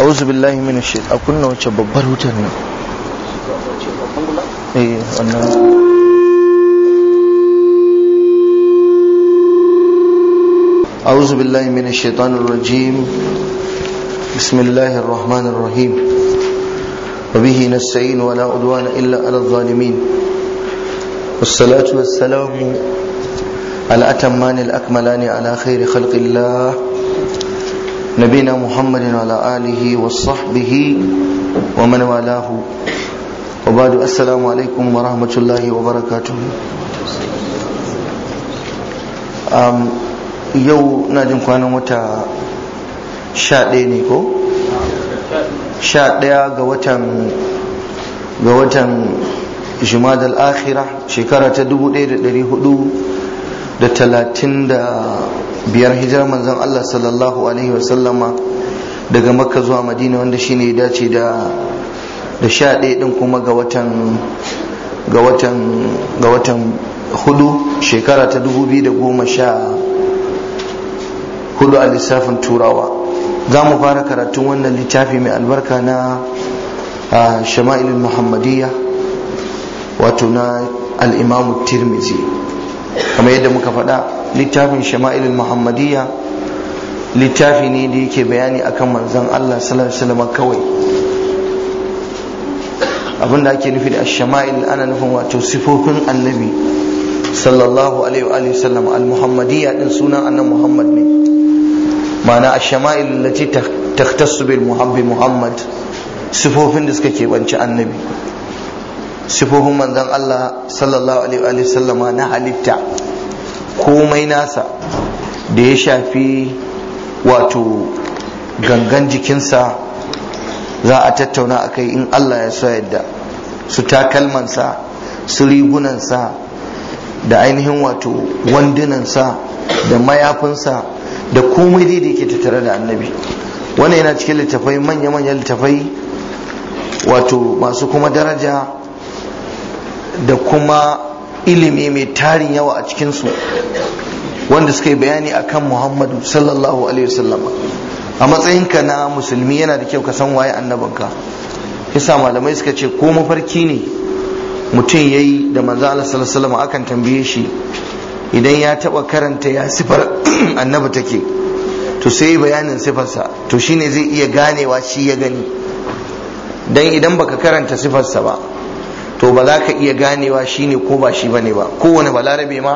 a'udhu billahi minash shaitani a kunna babbar hutar ne eh wannan a'udhu billahi minash shaitani rajim bismillahir rahmanir rahim wa bihi nasta'in wa la udwana illa 'alal zalimin wassalatu wassalamu ala atammanil akmalani ala khairi khalqillah نبينا محمد وعلى آله وصحبه ومن والاه وبعد السلام عليكم ورحمة الله وبركاته um, yau na jin kwanan wata sha ɗaya ne ko? sha ɗaya ga watan ga watan jimadal akhira shekara ta dubu ɗaya da ɗari hudu da talatin da biyar hijirar manzon Allah sallallahu alaihi wasallama daga makka zuwa madina wanda shi ya dace da da sha ɗaya ɗin kuma ga watan ga watan ga watan hudu shekara ta dubu biyu da goma sha hudu a lissafin turawa za mu fara karatun wannan littafi mai albarka na shama'ilin muhammadiyya wato na al'imamu tirmizi kamar yadda muka faɗa littafin shama'ilul muhammadiyya littafi ne da yake bayani akan manzon Allah sallallahu alaihi kawai abinda ake nufi da shama'il ana nufin wato sifofin annabi sallallahu alaihi wa sallam al-muhammadiyya din sunan annabi muhammad ne ma'ana shama'il lati takhtassu bil muhabbi muhammad sifofin da suka keɓanci annabi sifofin manzon Allah sallallahu alaihi wa sallama na halitta komai nasa da ya shafi wato gangan jikinsa za a tattauna a kai in Allah ya so yadda su takalmansa su rigunansa da ainihin wato wandunansa da mayafinsa da komai dai da yake tattare da annabi wannan yana cikin littafai manya-manyan littafai wato masu kuma daraja da kuma ilimi mai tarin yawa a cikinsu wanda suka yi bayani akan muhammadu sallallahu alaihi wasallam a matsayinka na musulmi yana da kyau ka san waye annabinka yasa malamai suka ce ko mafarki ne mutum ya yi da manzo Allah sallallahu alaihi wasallam akan tambaye shi idan ya taba karanta ya sifar annabi take to sai bayanin sifarsa to shine zai iya ganewa shi ya gani dan idan baka karanta sifarsa ba to ba za ka iya ganewa shine ko ba shi bane ba kowane balarabe ma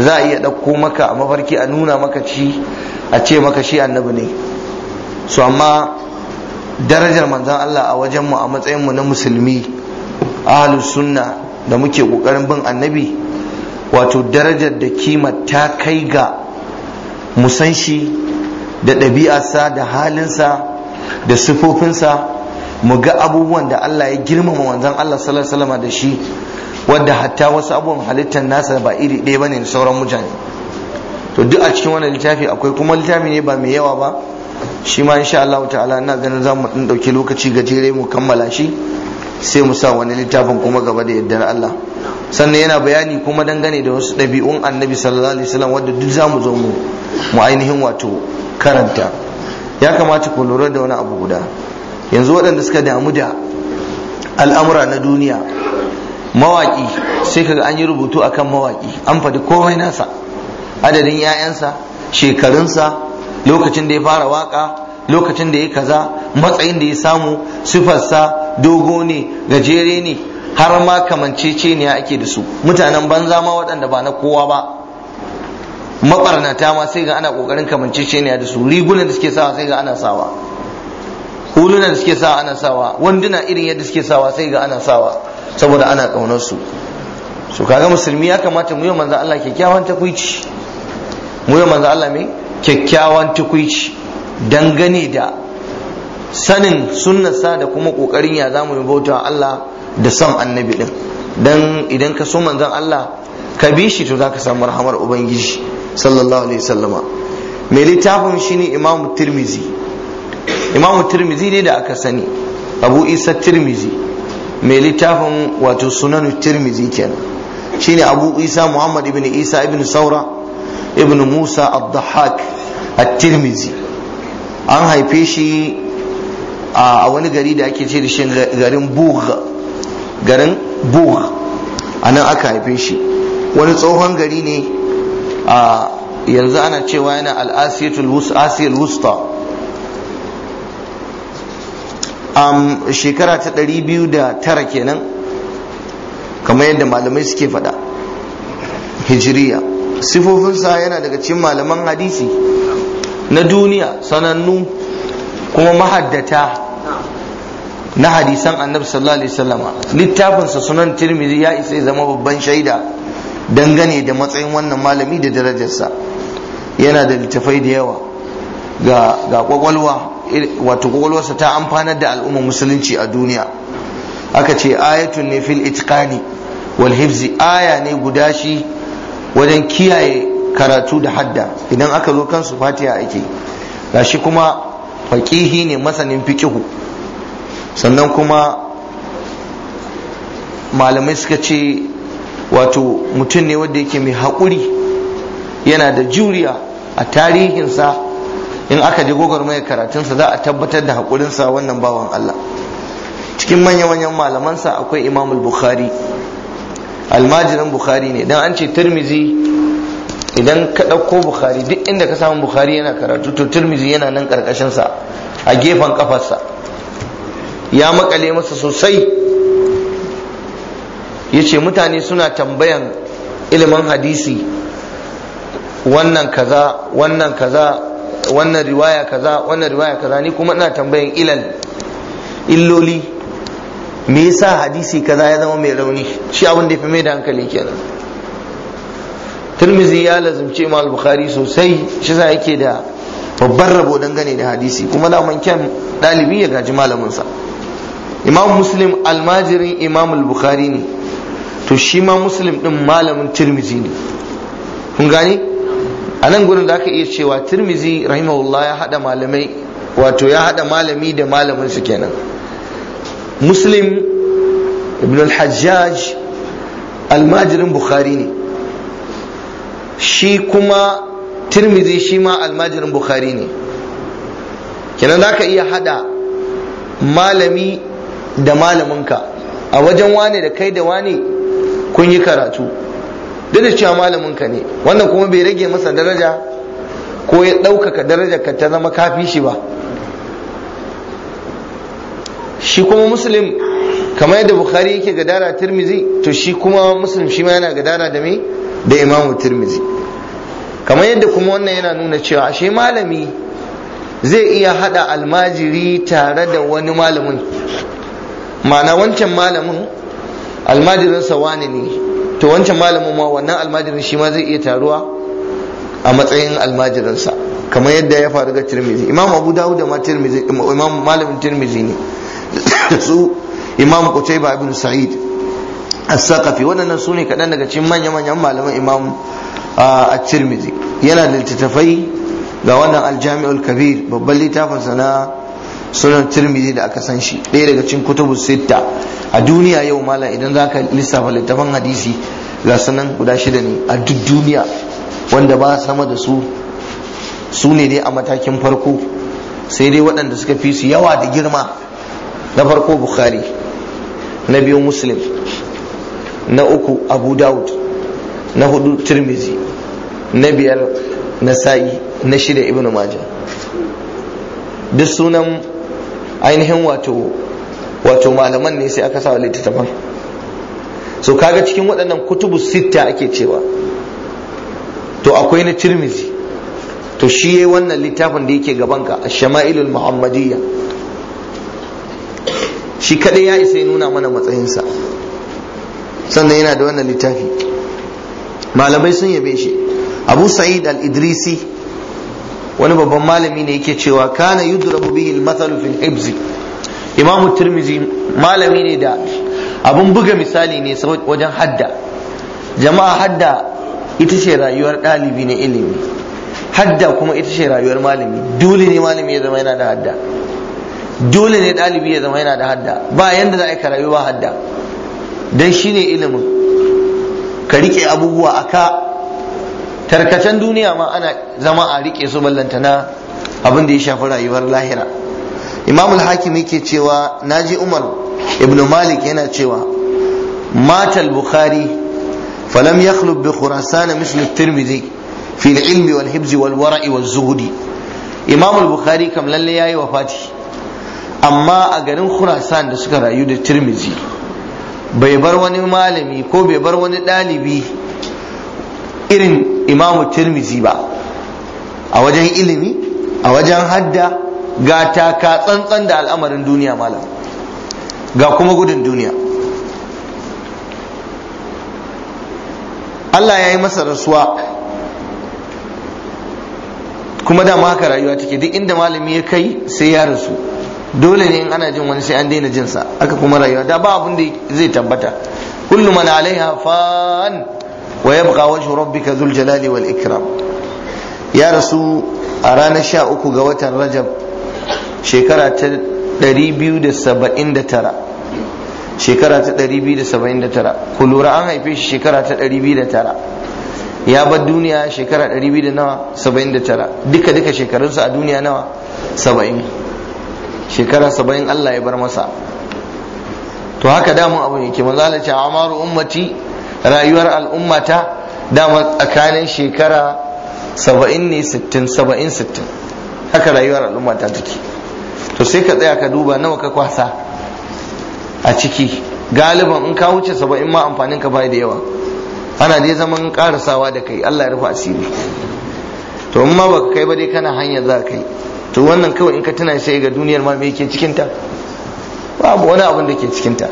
za a iya ɗauko maka a mafarki a nuna maka ci a ce maka shi annabi ne su amma darajar manzan Allah a wajenmu a matsayinmu na musulmi ahalus sunna da muke ƙoƙarin bin annabi wato darajar da kima ta kai ga musanshi, da ɗabi'arsa da halinsa da sifofinsa mu ga abubuwan da Allah ya girmama wanzan Allah sallallahu alaihi wasallam da shi wadda hatta wasu abubuwan halittar nasa ba iri ɗaya bane da sauran mutane to duk a cikin wannan littafi akwai kuma littafi ne ba mai yawa ba shi ma insha Allah ta'ala ina ganin za mu ɗin ɗauki lokaci gajere mu kammala shi sai mu sa wani littafin kuma gaba da yardar Allah sannan yana bayani kuma dangane da wasu ɗabi'un annabi sallallahu alaihi wasallam wanda duk zamu mu zo mu mu ainihin wato karanta ya kamata ku lura da wani abu guda yanzu waɗanda suka damu da al'amura na duniya mawaƙi sai kaga an yi rubutu akan mawaƙi an faɗi komai nasa adadin 'ya'yansa shekarunsa lokacin da ya fara waƙa lokacin da ya kaza matsayin da ya samu sifarsa dogo ne gajere ne har ma kamanceceniya ake da su mutanen banza ma waɗanda ba na kowa ba maɓarnata ma sai ga ana ƙoƙarin ne da su rigunan da suke sawa sai ga ana sawa hulunan da suke sawa ana sawa wanduna irin yadda suke sawa sai ga ana sawa saboda ana kaunar su so kaga musulmi ya kamata mu yi manzo Allah kyakkyawan takwici mu yi manzo Allah mai kyakkyawan takuici dangane da sanin sa da kuma kokarin ya zamu yi bauta Allah da son annabi din dan idan ka so manzon Allah ka bi shi to zaka samu rahamar ubangiji sallallahu alaihi wasallama Me littafin shine imamu tirmizi imamu tirmizi ne da aka sani abu isa tirmizi mai littafin wato sunanu tirmizi kenan shine abu isa muhammad ibn isa ibn saura ibn musa ad-dahhak at-tirmizi an haife shi a wani gari da ake ce da shi garin bugh garin bugh a nan aka haife shi wani tsohon gari ne a yanzu ana cewa yana al-asiyatul wusta um, shekara ta 209 kenan kamar yadda malamai suke faɗa Hijriya sifofinsa yana daga cikin malaman hadisi na duniya sanannu kuma mahaddata na hadisan annabi sallallahu alaihi wasallama littafinsa sunan tirmidhi ya isa zama babban shaida dangane da matsayin wannan malami da darajarsa yana da littafai da yawa ga kwakwalwa wato kwakwalwarsa ta amfanar da al'ummar musulunci a duniya aka ce ayatun ne fil itqani wal hifzi aya ne guda shi wajen kiyaye karatu da hadda idan aka zo kan su fatiha ake gashi kuma faqihi ne masanin fiqhu sannan kuma malamai suka ce wato mutum ne wanda yake mai haƙuri yana da juriya a tarihinsa in aka je mai karatunsa za a tabbatar da haƙurinsa wannan bawan Allah cikin manyan manyan malamansa akwai imamul bukhari almajirin bukhari ne dan an ce turmizi idan ka ɗauko bukhari duk inda ka samu bukhari yana karatu to turmizi yana nan ƙarƙashinsa a gefen ƙafarsa ya makale masa sosai ya ce mutane suna tambayan ilimin hadisi wannan kaza wannan kaza wannan riwaya kaza wannan riwaya kaza ni kuma ina tambayan ilal illoli me yasa hadisi kaza ya zama mai rauni shi abin da ya fi mai da hankali kenan turmizi ya lazumci imam bukhari sosai shi sa yake da babbar rabo dangane da hadisi kuma da man kyan dalibi ya gaji malamin sa imam muslim almajirin imam bukhari ne to shi ma muslim din malamin turmizi ne kun gani a nan gurin da aka iya cewa tirmizi rahimahullah ya hada malamai wato ya hada malami da malamin su kenan muslim ibn al-hajjaj almajirin bukhari ne shi kuma tirmizi shi ma almajirin bukhari ne kenan za ka iya hada malami da malaminka a wajen wane da kai da wane kun yi karatu duk da cewa malamin ka ne wannan kuma bai rage masa daraja ko ya ɗaukaka daraja ka ta zama kafi shi ba shi kuma muslim kamar yadda bukhari yake gadara tirmizi to shi kuma muslim shi ma yana gadara da me da imamu tirmizi kamar yadda kuma wannan yana nuna cewa ashe malami zai iya hada almajiri tare da wani malamin ma'ana wancan malamin almajirinsa wani ne to wancan malamin ma wannan almajirin shi ma zai iya taruwa a matsayin almajirinsa kamar yadda ya faru ga tirmizi imam abu dawud da ma tirmizi imam malamin tirmizi ne su imam qutayba ibn sa'id as-saqafi waɗannan su ne kadan daga cikin manya-manyan malaman imam a tirmizi yana da littattafai ga wannan al aljami'ul kabir babban littafinsa na sunan tirmizi da aka san shi ɗaya daga cikin kutubus sitta a duniya yau mala idan za ka lissafa littafan hadisi ga sanan guda shida ne a duk duniya wanda ba sama da su su ne dai a matakin farko sai dai waɗanda suka fi su yawa da girma na farko bukhari na biyu muslim na uku abu dawud na hudu tirmizi na biyar nasa'i na shida ibn maja duk sunan ainihin wato wato malaman ne sai aka sa littattafan so kaga cikin waɗannan kutubu sitta ake cewa to akwai na tirmizi to shi yayi wannan littafin da yake gaban ka ash-shama'ilul muhammadiyya shi kadai ya isa ya nuna mana matsayinsa sannan yana da wannan littafi malamai sun yabe shi abu sa'id al-idrisi wani babban malami ne yake cewa kana yudrabu bihi al-mathalu fil hibzi imamu Turmizi malami ne da abun buga misali ne wajen hadda jama'a hadda ita ce rayuwar ɗalibi na ilimi hadda kuma ita ce rayuwar malami dole ne malami ya zama yana da hadda dole ne ɗalibi ya zama yana da hadda ba yanda za a yi ka rayuwa hadda don shi ne ilimin ka riƙe abubuwa a ka tarkacen duniya ma ana zama a riƙe su ballantana na abin da ya shafi rayuwar lahira imamul hakim yake cewa naji umar ibn malik yana cewa matal bukhari falam yakhlub bi khurasan misl at-tirmidhi fi al-ilm wal hibz wal wara'i wal imamul bukhari kam lalle yayi wafati amma a garin khurasan da suka rayu da tirmizi bai bar wani malami ko bai bar wani ɗalibi irin imamu tirmizi ba a wajen ilimi a wajen hadda ga taka tsantsan da al'amarin duniya malam ga kuma gudun duniya Allah ya yi masa rasuwa kuma dama haka rayuwa take duk inda malami ya kai sai ya rasu dole ne in ana jin wani sai an daina jinsa aka kuma rayuwa da ba abin da zai tabbata kullu man alaiha fan wa yabqa wajhu rabbika dhul jalali wal ikram ya rasu a ranar sha uku ga watan rajab shekara ta 279 shekara ta 279 ku lura an haife shi shekara ta 209 ya bar duniya shekara 279 duka duka shekarunsa a duniya nawa 70 shekara 70 Allah ya bar masa to haka damun abu ne ke manzala ce amaru ummati rayuwar al'ummata dama tsakanin shekara 70 ne 60 70 60 haka rayuwar al'umma ta take to sai ka tsaya ka duba nawa ka kwasa a ciki galiban in ka wuce saba'in ma amfanin ka bai da yawa ana dai zaman karasawa da kai Allah ya rufa asiri to in ma baka kai ba dai kana hanyar za kai to wannan kawai in ka tuna sai ga duniyar ma me yake cikin ta babu wani abin da ke cikin ta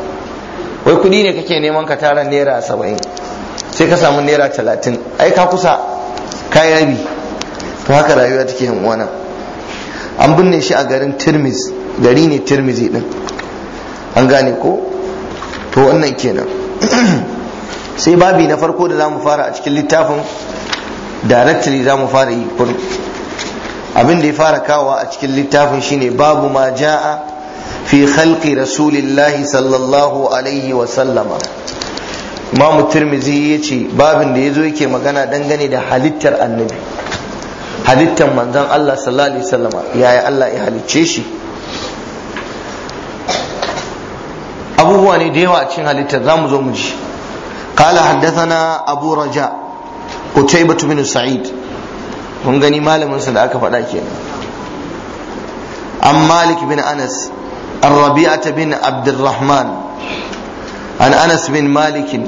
wai kudi ne kake neman ka tara naira saba'in sai ka samu naira talatin ai ka kusa kayan to haka rayuwa take yin wannan an binne shi a garin tirmiz gari ne tirmizi din an gane ko to wannan kenan sai babi na farko da za mu fara a cikin littafin directly mu fara yi kurum abin da ya fara kawo a cikin littafin shine babu ma ja'a fi khalqi rasulillahi sallallahu alaihi wa sallama imamu tirmizi ya ce babin da ya zo yake magana dangane da halittar annabi halittar manzon Allah sallallahu alaihi wasallama yaya Allah ya halicce shi abubuwa ne da yawa a cikin halittar zamu zo mu ji haddasa na أبو رجاء قتيبة bin Sa'id, mun gani malaminsa da aka faɗa kenan an malik bin anas an rabi'ata bin abdurrahman an anas bin malikin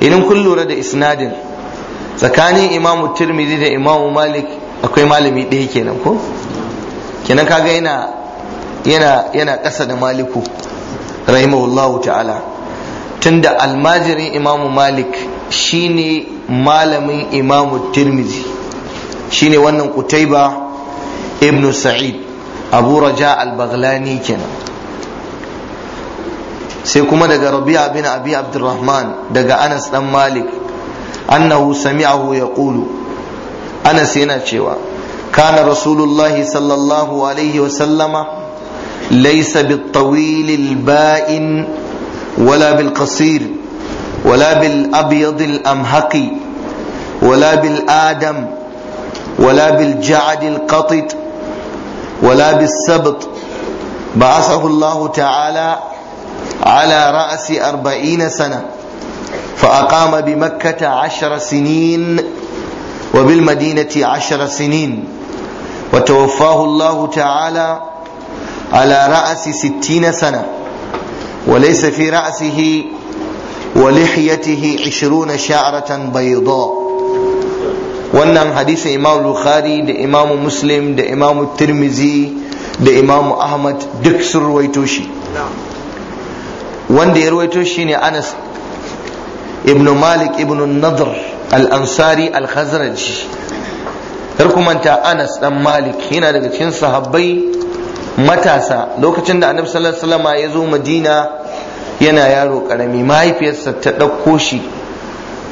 idan kun lura da isnadin tsakanin imamu tirmidhi da imamu malik akwai malami ɗaya kenan ko kenan kaga yana yana ƙasa da maliku rahimahullahu ta'ala tunda almajirin imamu malik shine malamin imamu tirmidhi shine wannan kutaiba ibnu sa'id abu raja al-baghlani kenan sai kuma daga rabi'a bin abi abdurrahman daga anas dan malik annahu sami'ahu yaqulu ana yana cewa kana rasulullahi sallallahu alaihi wa sallama laysa bit-tawil al-ba'in wala bil-qasir wala bil-abyad al-amhaqi wala bil-adam wala bil-ja'd al-qatit ولا بالسبط بعثه الله ta'ala ala rasi أربعين sana. فأقام بمكة عشر سنين وبالمدينة عشر سنين وتوفاه الله تعالى على رأس ستين سنة وليس في رأسه ولحيته عشرون شعرة بيضاء wannan hadisin imam bukhari da imam muslim da imam tirmizi da imam ahmad duk sun ruwaito shi wanda ya ruwaito shi ne anas ibn malik ibn nadr al-ansari alhazraji. khazraji ku manta anas ɗan malik yana daga cikin sahabbai matasa lokacin da annabi sallallahu alaihi wasallam ya zo madina yana yaro karami mahaifiyarsa ta ɗauko shi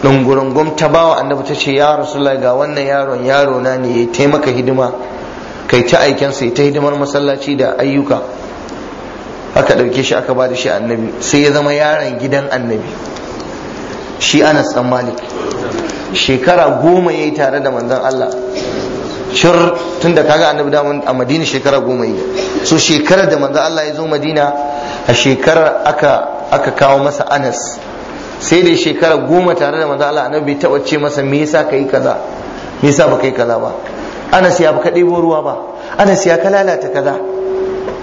ɗungurungum ta bawa annabi ta ce ya rasulullahi ga wannan yaron yaro na ne ya taimaka hidima kai ta aikensa ya ta hidimar masallaci da ayyuka aka ɗauke shi aka ba da shi annabi sai ya zama yaron gidan annabi shi anas dan malik shekara goma ya yi tare da manzon Allah shir tun da kaga annabi da a madina shekara goma yi so shekarar da manzan Allah ya zo madina a shekarar aka kawo masa anas sai dai shekara goma tare da manzan Allah annabi bai taɓa ce masa me yasa kai kaza me yasa baka yi kaza ba anas ya baka ɗebo ruwa ba anas ya ka lalata kaza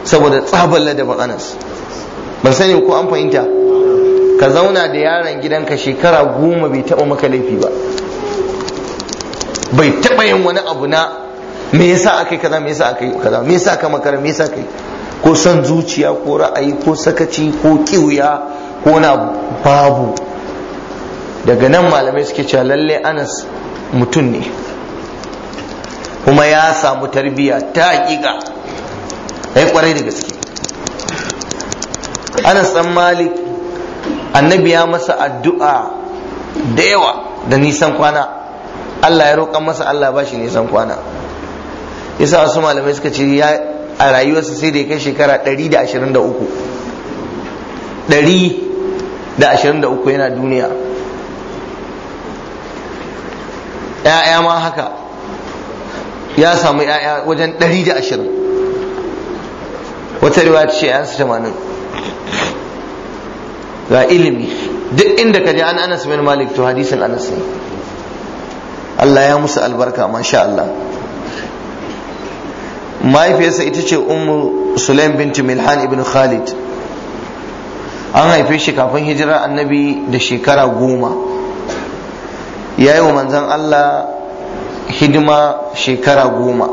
saboda tsabar ladaban anas ban sani ko an fahimta ka zauna da yaron gidanka shekara goma bai taba maka laifi ba bai taba yin wani abu na me yasa aka kaza me yasa aka kaza me yasa ka makara me yasa kai ko son zuciya ko ra'ayi ko sakaci ko kiwuya ko na babu daga nan malamai suke cewa lalle anas mutum ne kuma ya samu tarbiyya ta hakika ai kwarai da gaske anas dan malik annabi ya masa addu'a da yawa da nisan kwana Allah ya roƙa masa Allah ba shi nisan kwana yasa wasu malamai suka ce ya a rayuwarsa sai da ya kai shekara 123 123 yana duniya ‘ya'ya ma haka ya samu ‘ya'ya wajen 120 wata riwaya ta ce ‘yansu 80 ga ilimi duk inda ka je an Anas bin Malik to hadisin Anas ne Allah ya musu albarka masha Allah mahaifiyarsa ita ce ummu sulaim binti milhan ibn khalid an haife shi kafin hijirar annabi da shekara goma ya yi wa manzan allah hidima shekara goma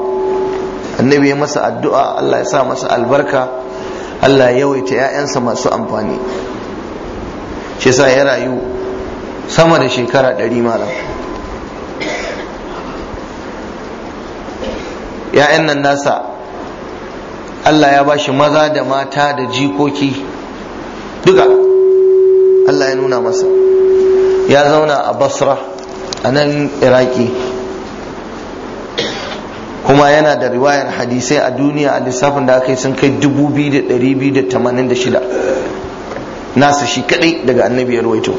annabi ya masa addu'a allah ya sa masa albarka allah ya yawaita 'ya'yansa masu amfani shi yasa ya rayu sama da shekara ɗari malam ‘ya'yan nan nasa Allah ya ba shi maza da mata da jikoki duka Allah ya nuna masa ya zauna a basra a nan iraki kuma yana da riwayar hadisai a duniya a lissafin da aka yi sun kai 2286 nasa shi kadai daga annabi ya ruwaito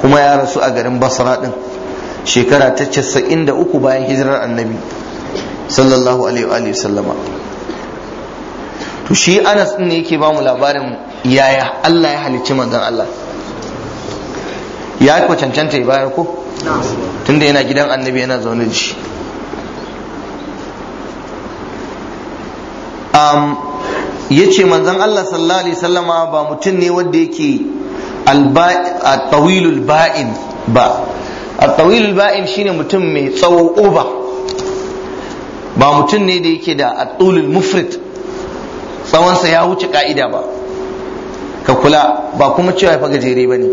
kuma ya rasu a garin basra din shekara ta casa'in da uku bayan hijirar annabi sallallahu alaihi wa sallama to shi anas din ne yake bamu labarin yaya allah ya halicci manzon allah ya ko cancanta ya bayar ko tunda yana gidan annabi yana zaune da shi um, ya ce manzan Allah sallallahu alaihi sallama ba mutum ne wanda yake tawilul ba'in ba a tawilul ba'in shine mutum mai tsawo uba ba mutum ne da yake da atulul Mufrit tsawonsa ya wuce ka'ida ba ka kula ba kuma cewa fa gajere ne,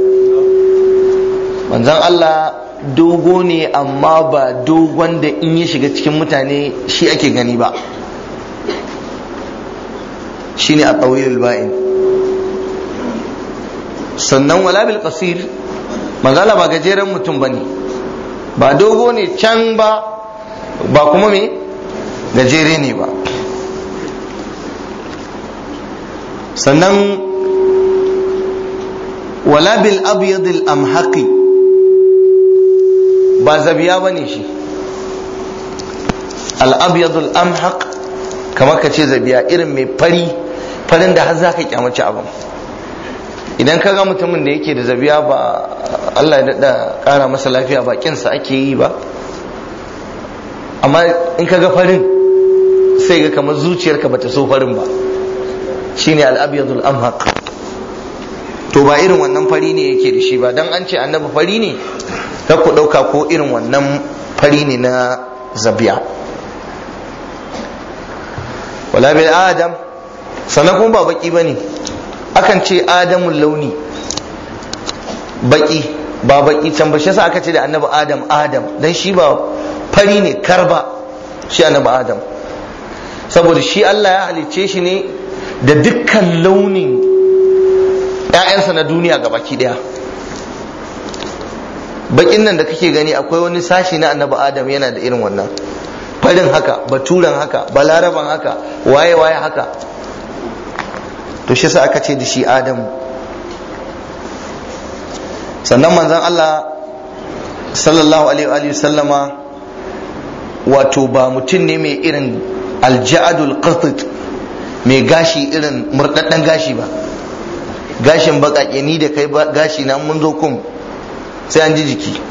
manzan Allah dogo ne amma ba dogon da in ya shiga cikin mutane shi ake gani ba shine a tawilul ba'in sannan wala bil qasir manzala ba gajeren mutum bane ba dogo ne can ba ba kuma me gajere ne ba sannan wala bil abyadil amhaqi ba zabiya bane shi al abyadul amhaq kamar ka ce zabiya irin mai fari farin da har za ka kyamaci abin idan ka ga mutumin da yake da zabiya ba Allah ya daɗa kara masa lafiya ba kinsa ake yi ba amma in ka ga farin sai ga kamar zuciyarka bata so farin ba shine al-abyadul amhaq to ba irin wannan fari ne yake da shi ba dan an ce annabi fari ne ta ku ɗauka ko irin wannan fari ne na zabiya wala bil adam sannan kuma ba baki bane akan ce adamun launi baki ba baki can ba shi aka ce da annabi adam adam dan shi ba fari ne karba shi annabi adam saboda shi Allah ya halicce shi ne da dukkan launin ‘ya'yansa na duniya ga baki ɗaya bakin nan da kake gani akwai wani sashi na annabi adam yana da irin wannan farin haka baturen haka balaraban haka waye waye haka to shi sa aka ce da shi adamu sannan manzan Allah sallallahu alaihi wa sallama wato ba mutum ne mai irin alja'adul qatit mai gashi irin murdaddan gashi ba gashin baƙaƙe ni da kai ba gashi na mun zo kum sai an ji jiki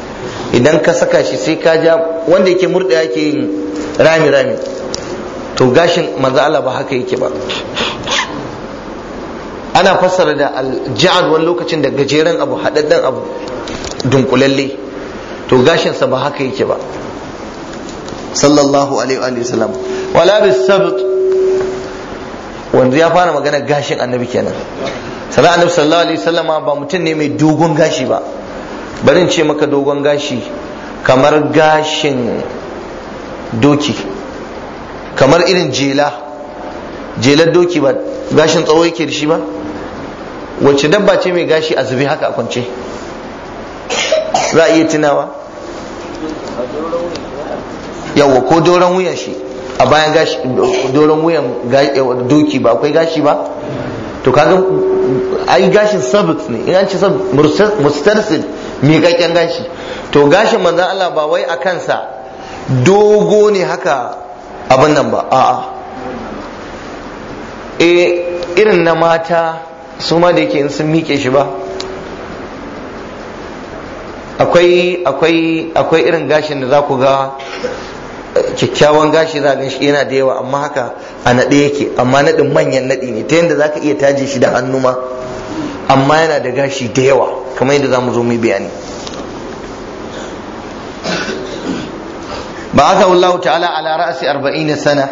idan ka saka shi sai ka ja wanda yake murda yake yin rami rami to gashin manzo Allah ba haka yake ba ana fassara da alja'ad wani lokacin da gajeren abu haɗaɗɗen abu dunkulalle to gashinsa ba haka yake ba sallallahu alaihi wa sallam wala bisabt wanda ya fara magana gashin annabi kenan sallallahu annabi sallallahu alaihi wasallama ba mutum ne mai dogon gashi ba barin ce maka dogon gashi kamar gashin doki kamar irin jela jelar doki ba gashin tsawo yake da shi ba wacce dabba ce mai gashi a zube haka a kwance za a iya tunawa yawwa ko doron wuyan shi a bayan gashi doron wuyan doki ba akwai gashi ba to kaga ai gashin sabit ne in an ce sabit mai kakken gashi to gashin manzan Allah ba wai a kansa dogo ne haka abin nan ba a'a e irin na mata su ma da yake in sun miƙe shi ba akwai akwai akwai irin gashin da za ku ga eh, kyakkyawan gashi za gan shi yana da yawa amma haka a naɗe yake amma naɗin manyan naɗi ne ta yadda za ka iya taje shi da hannu ma amma yana da gashi da yawa kamar yadda za mu zo mu bayani ba aka Allah ta'ala ala ra'asi arba'in sana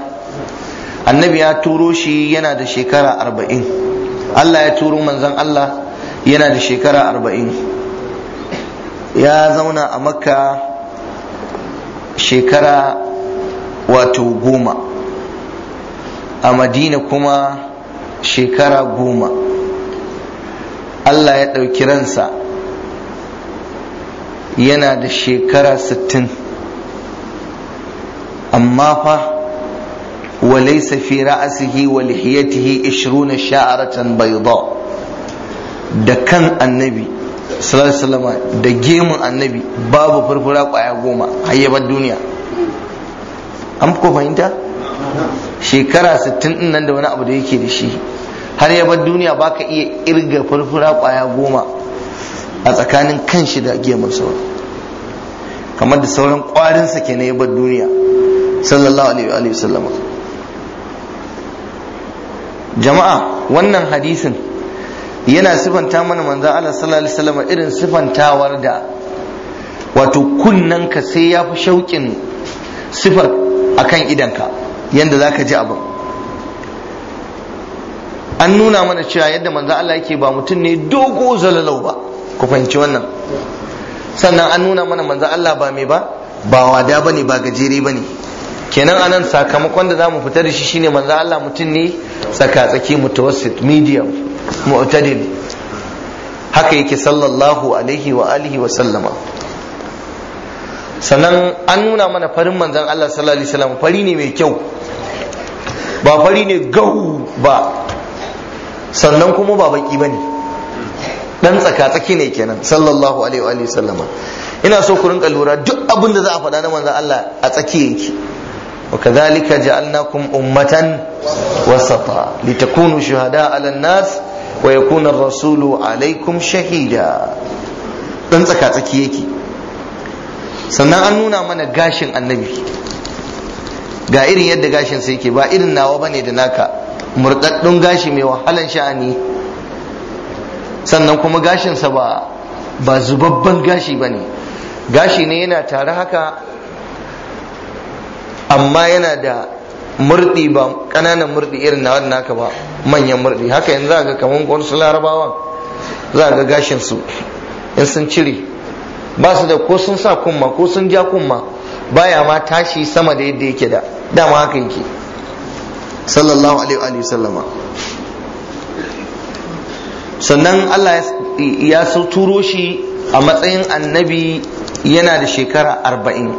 annabi ya turo shi yana da shekara arba'in Allah ya turo manzon Allah yana da shekara arba'in ya zauna a makka shekara wato goma a madina kuma shekara goma Allah ya ɗauki ransa yana da shekara sittin amma fa وليس في رأسه ولحيته عشرون شعرة بيضاء da kan annabi sallallahu da gemun annabi babu furfura kwaya goma hayyabar duniya an ko fahimta shekara 60 din da wani abu da yake da shi har ya bar duniya baka iya irga furfura kwaya goma a tsakanin kanshi da gemar sauran kamar da sauran kwarinsa kenan ya bar duniya sallallahu alaihi wa sallama jama'a wannan hadisin yana sifanta mana manzo Allah sallallahu alaihi wasallam irin sifantawar da wato ka sai ya fi shauƙin sifar akan idanka yanda zaka ji abin an nuna mana cewa yadda manzo Allah yake ba mutum ne dogo zalalau ba ku fahimci wannan sannan an nuna mana manzo Allah ba mai ba ba wada bane ba gajere bane kenan anan sakamakon da za mu fita da shi shine manzo Allah mutum ne Tsaka-tsaki, mutawassit medium mu'tadil haka yake sallallahu alaihi wa alihi wa sallama sannan an nuna mana farin manzon Allah sallallahu alaihi wasallam fari ne mai kyau ba fari ne gau ba sannan kuma ba baki bane dan tsaka-tsaki ne kenan sallallahu alaihi wa sallama ina so ku rinka lura duk abin da za a faɗa na manzon Allah a tsaki yake وكذلك جعلناكم أمة وسطا لتكونوا شهداء على الناس ويكون rasulu عليكم شهيدا dan tsaka-tsaki yake sannan an nuna mana gashin annabi ga irin yadda gashin sa yake ba irin nawa bane da naka murdaddun gashi mai wahalan sha'ani sannan kuma gashinsa ba ba zubabban gashi bane gashi ne yana tare haka amma yana da murdi ba ƙananan murdi irin na wadda naka ba manyan murdi haka yanzu za ga kamar wasu larabawan za ga gashin su in sun cire ba su da ko sun sa kumma ko sun ja kumma baya ma tashi sama da yadda yake da dama haka yake sallallahu alaihi wa sallama sannan Allah ya turo shi a matsayin annabi yana da shekara arba'in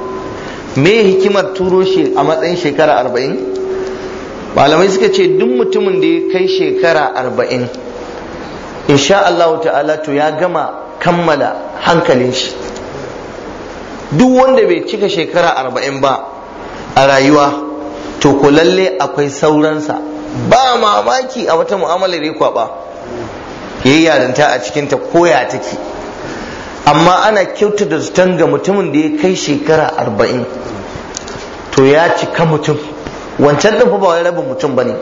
me hikimar turo shi a matsayin shekara arba'in malamai suka ce duk mutumin da ya kai shekara arba'in insha Allah ta'ala to ya gama kammala hankalin shi duk wanda bai cika shekara arba'in ba a rayuwa to ko lalle akwai sauransa ba mamaki a wata mu'amalar ya kwaba ya yi yarinta a cikinta koya take amma ana kyauta da zutan ga mutumin da ya kai shekara arba'in to ya cika mutum wancan ɗin fa ba wai rabin mutum ba ne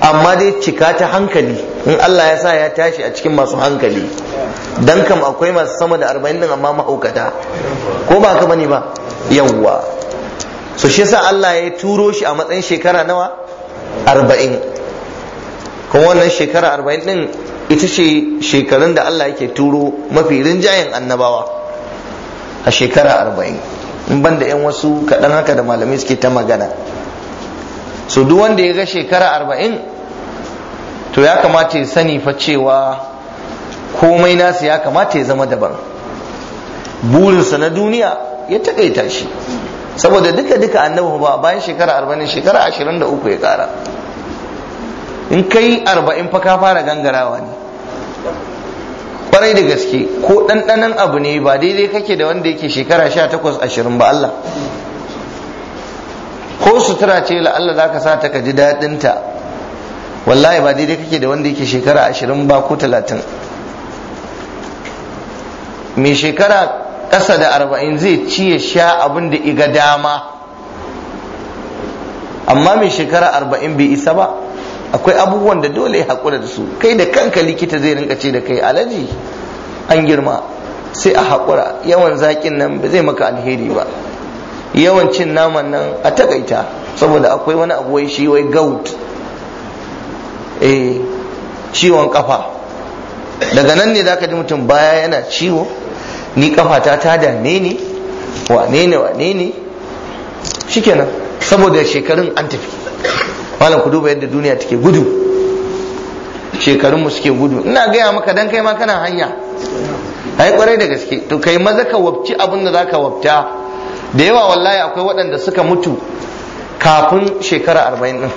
amma dai cika ta hankali in Allah ya sa ya tashi a cikin masu hankali dan kam akwai masu sama da arba'in din amma mahaukata ko ba ka bane ba yawwa so shi yasa Allah ya turo shi a matsayin shekara nawa arba'in kuma wannan shekara arba'in din ita ce shekarun da Allah yake turo mafi rinjayen annabawa a shekara arba'in in ban da 'yan wasu kaɗan haka da malamai suke ta magana so duk wanda ya ga shekara arba'in to ya kamata ya sani fa cewa komai nasu ya kamata ya zama daban burinsa na duniya ya taƙaita shi saboda duka duka annabawa ba bayan shekara arba'in shekara ashirin da uku ya ƙara in kai arba'in fa ka fara gangarawa ne kwarai da gaske ko ɗanɗanan abu ne ba daidai kake da wanda yake shekara sha takwas ashirin ba Allah ko sutura ce la Allah za ka sa ta kaji daɗinta wallahi ba daidai kake da wanda yake shekara ashirin ba ko talatin mai shekara ƙasa da arba'in zai ci ya sha abin da iga dama amma mai shekara arba'in bai isa ba akwai abubuwan da dole ya haƙura da su kai da kanka likita zai rinka ce da kai alaji an girma sai a haƙura yawan zakin nan ba zai maka alheri ba yawan cin naman nan a takaita saboda akwai wani abu wai shi wai gout eh ciwon kafa daga nan ne zaka ji mutum baya yana ciwo ni kafata ta dame ni wane ne wane ne shikenan saboda shekarun an tafi malam ku duba yadda duniya take gudu shekarunmu suke gudu ina gaya maka dan kai ma kana hanya ai kwarai da gaske to kai maza ka wabci abin da zaka wabta da yawa wallahi akwai waɗanda suka mutu kafin shekara arba'in din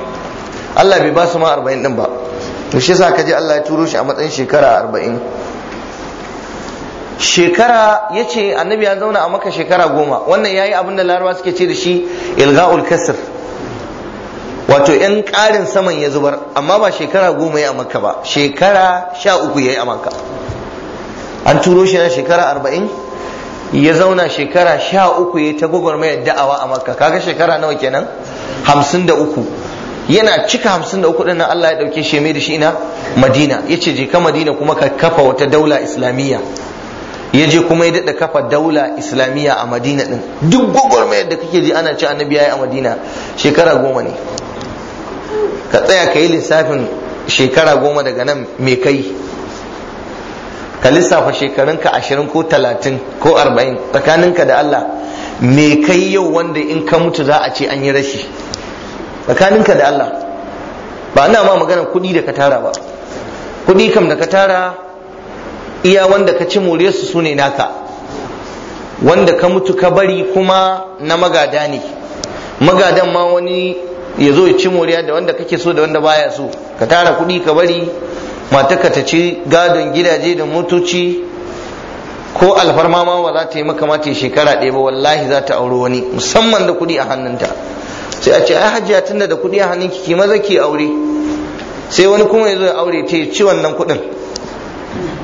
Allah bai ba su ma arba'in din ba to shi yasa kaje Allah ya turo shi a matsayin shekara arba'in shekara ya annabi ya zauna a maka shekara goma wannan ya yi abin da larabawa suke ce da shi ilga'ul kasir wato yan ƙarin saman ya zubar amma ba shekara goma ya maka ba shekara sha uku ya yi a an turo shi na shekara arba'in ya zauna shekara sha uku ya ta gwagwarmayar da'awa a maka. kaga shekara nawa kenan hamsin da uku yana cika hamsin da uku din nan Allah ya ɗauke shi mai da shi ina Madina ya ce je ka Madina kuma ka kafa wata daula islamiyya ya je kuma ya daɗa kafa daula islamiyya a Madina ɗin. duk gwagwarmayar da kake ji ana ce annabi yayi a Madina shekara goma ne ka tsaya ka yi lissafin shekara goma daga nan me kai ka lissafa shekarun ka ashirin ko talatin ko arba'in tsakaninka da Allah me kai yau wanda in ka mutu za a ce an yi rashi tsakaninka da Allah ba ina ma magana kuɗi da ka tara ba kuɗi kam da ka tara iya wanda ka ci more su sune naka wanda ka mutu ka bari kuma na magada ne magadan ma wani ya zo ya ci moriya da wanda kake so da wanda baya so ka tara kuɗi ka bari matarka ta ci gadon gidaje da motoci ko alfarma ma ba za ta yi maka mata shekara ɗaya ba wallahi za ta auri wani musamman da kuɗi a hannunta sai a ce ai hajiya tunda da kuɗi a hannunki ki maza ki aure sai wani kuma ya zo ya aure ta ci wannan kuɗin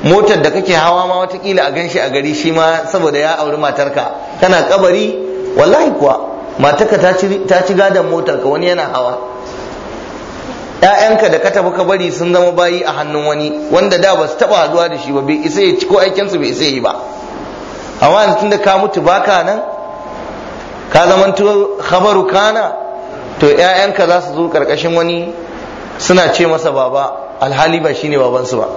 motar da kake hawa ma watakila a ganshi a gari shi ma saboda ya auri matarka kana kabari wallahi kuwa Mataka ta ci gadon motarka wani yana hawa ‘ya'yanka da ka tafi ka bari sun zama bayi a hannun wani wanda da ba su taba haduwa da shi ba bai isa ya ci ko aikinsu bai isa yi ba amma yanzu tunda ka mutu baka nan ka zamanto khabaru kana to ‘ya'yanka za su zo karkashin wani suna ce masa baba alhali ba shine babansu ba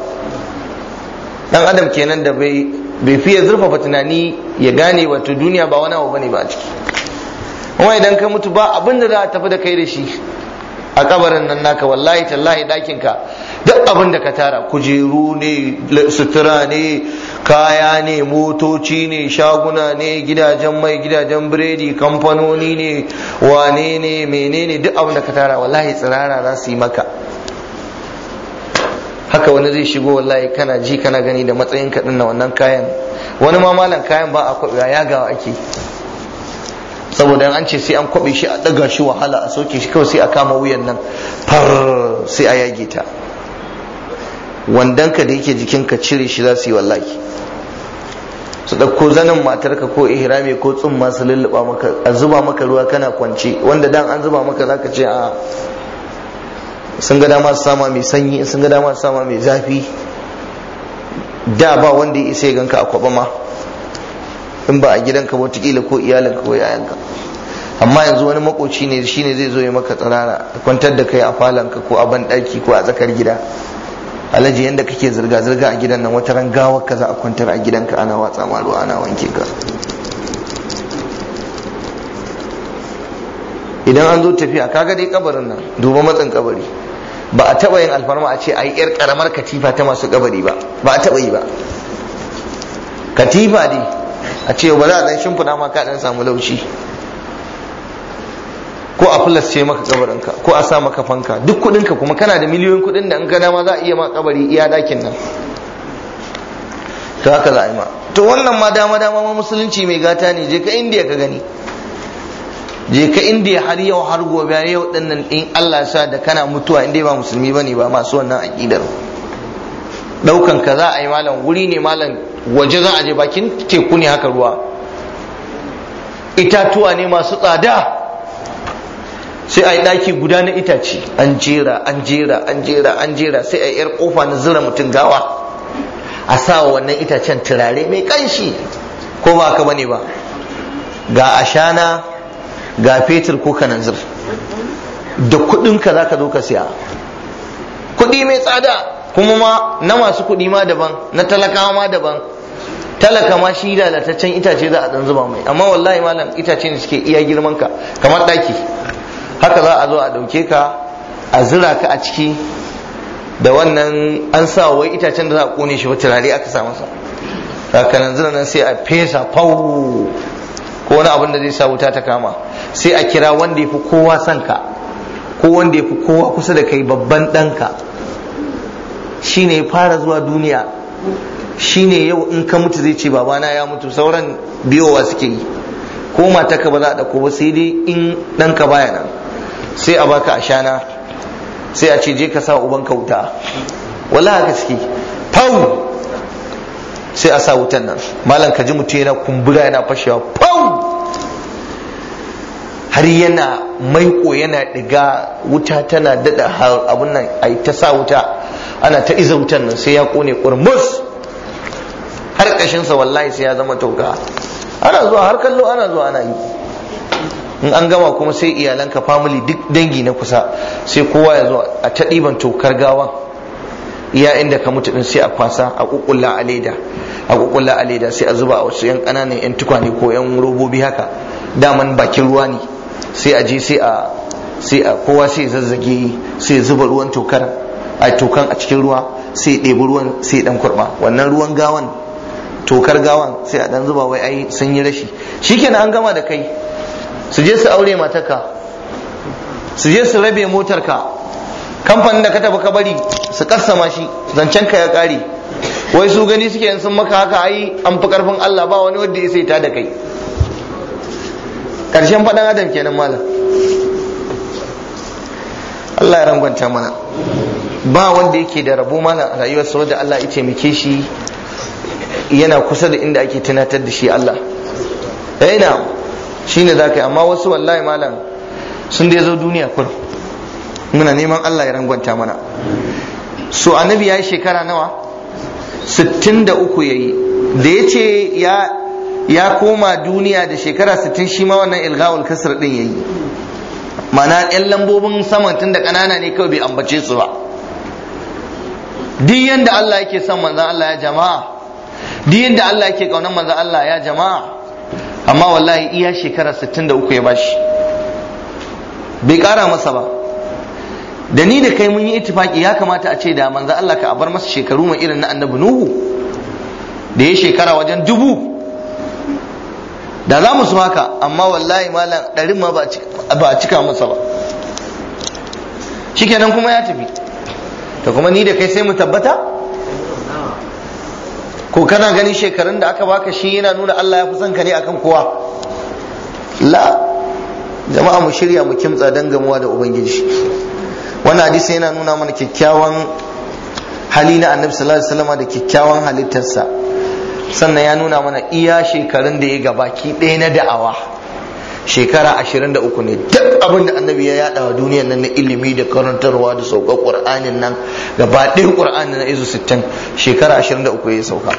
dan adam kenan da bai fiye zurfafa tunani ya gane wato duniya ba wani abu bane ba a ciki kuma idan ka mutu ba abin da za a tafi da kai da shi a kabarin nan naka wallahi tallahi dakin ka duk abin da ka tara kujeru ne sutura ne kaya ne motoci ne shaguna ne gidajen mai gidajen biredi kamfanoni ne wane ne menene duk abin da ka tara wallahi tsirara za su yi maka haka wani zai shigo wallahi kana ji kana gani da matsayin kaɗin na wannan kayan wani ma malam kayan ba a kwaɓewa ya gawa ake saboda an ce sai an kwabe shi a daga shi wahala a soke shi kawai sai a kama wuyan nan far sai a yage ta wandanka da yake jikinka cire shi za su yi wallahi su ɗauko zanin matarka ko ihrami ko tsumma su lulluɓa maka a zuba maka ruwa kana kwance wanda dan an zuba maka za ka ce a sun ga dama sama mai sanyi sun ga dama sama mai zafi da ba wanda ya isa ya ganka a kwaba ma in ba a gidanka ba kila ko iyalinka ko yayanka amma yanzu wani makoci ne shine zai zo ya maka tsirara kwantar da kai a falanka ko a banɗaki ko a tsakar gida alaji yanda kake zirga zirga a gidan nan wata ran gawar ka za a kwantar a gidanka ana watsa ma ruwa ana wanke ka idan an zo tafiya kaga dai kabarin nan duba matsin kabari ba a taba yin alfarma a ce a yi yar karamar katifa ta masu kabari ba ba a taba yi ba katifa dai a ce ba za a dan shimfuna ma ka dan samu laushi ko a fulasce maka kabarinka ko a sa maka fanka duk kudinka kuma kana da miliyoyin kudin da in ka dama za a iya ma kabari iya dakin nan to haka za a yi ma to wannan ma dama dama ma musulunci mai gata ne je ka indiya ka gani je ka indiya har yau har gobe yau din nan in Allah sa da kana mutuwa in ba musulmi bane ba masu wannan aqidar daukan ka za a yi malam wuri ne malam waje za a je bakin teku ne haka ruwa itatuwa ne masu tsada sai a yi ɗaki guda na itace an jera an jera an jera an jera sai a yar kofa na zira mutum gawa a sa wannan itacen turare mai kanshi ko ba ka bane ba ga ashana ga fetur ko kananzir da kuɗinka za ka zo ka siya kuɗi mai tsada kuma ma na masu kuɗi ma daban na talakawa ma daban talaka ma shi lalataccen itace za a dan zuba mai amma wallahi malam itace ne suke iya girman ka kamar daki haka za a zo a dauke ka a zira ka a ciki da wannan an sa wai itacen da za a kone shi wata turare aka sa haka nan nan sai a fesa fau ko wani abin da zai sa wuta ta kama sai a kira wanda yafi fi kowa son ka ko wanda ya kowa kusa da kai babban ɗanka shine ya fara zuwa duniya shine yau in ka mutu zai ce babana ya mutu sauran biyowa suke yi ko ka ba za a ɗauko ba sai dai in ɗanka baya nan sai a baka ashana sai a ce je ka sa uban ka wuta wala haka suke pau sai a sa wutan nan malam ka ji mutum yana kumbura yana fashewa pau har yana maiko yana diga wuta tana dada abun nan yi ta sa wuta ana ta iza wutan nan sai ya kone kurmus har sa wallahi sai ya zama toka ana zuwa har kallo ana zuwa ana yi in an gama kuma sai iyalanka family duk dangi na kusa sai kowa ya zo a ta ɗiban tokar gawan iya inda ka mutu din sai a kwasa a kukkulla a leda a kukkulla a leda sai a zuba a wasu yan ƙananan yan tukwane ko yan robobi haka daman bakin ruwa ne sai a je sai a sai a kowa sai zazzage sai zuba ruwan tokar a tokan a cikin ruwa sai ɗebi ruwan sai ɗan kurɓa wannan ruwan gawan tokar gawan sai a dan zuba wai ai sun yi rashi shikenan an gama da kai su je su aure matarka su je su rabe motarka kamfanin da ka tafi ka bari su kassama shi zancen ka ya kare wai su gani suke yin sun maka haka ai an fi karfin Allah ba wani wanda ya sai ta da kai karshen fadan adam kenan malam Allah ya rangwanta mana ba wanda yake da rabo malam a rayuwarsa wanda Allah ya taimake shi yana kusa da inda ake tunatar da shi Allah shi eh, shine za ka yi amma wasu wallahi malam sun da ya zo duniya kur muna neman Allah ya rangwanta mana so annabi ya yi shekara nawa 63 ya yi da ya ce ya koma duniya da shekara 60 shi ma wannan ilgawul kasar din ya yi mana yan lambobin saman tun da ƙanana ne kawai bai ambace su ba duk yadda Allah yake son manzan Allah ya jama'a duk yadda Allah yake kaunar manzo Allah ya jama'a amma wallahi iya shekara 63 ya bashi bai kara masa ba da ni da kai mun yi ittifaki ya kamata a ce da manzo Allah ka abar masa shekaru mai irin na annabi Nuhu da ya shekara wajen dubu da za mu su haka amma wallahi malam ɗarin ma ba a cika masa ba shikenan kuma ya tafi to kuma ni da kai sai mu tabbata ko kana ganin shekarun da aka baka shi yana nuna Allah ya fi son ka ne akan kowa la jama'a mu shirya mu kimtsa dan gamuwa da ubangiji wannan hadisi yana nuna mana kyakkyawan hali na annabi sallallahu alaihi wasallam da kyakkyawan halittarsa sannan ya nuna mana iya shekarun da ya gabaki ɗaya na da'awa shekara 23 ne duk abin da annabi ya yada wa duniyar nan na ilimi da karantarwa da saukar qur'anin nan gaba ɗaya qur'anin na izu 60 shekara 23 ya sauka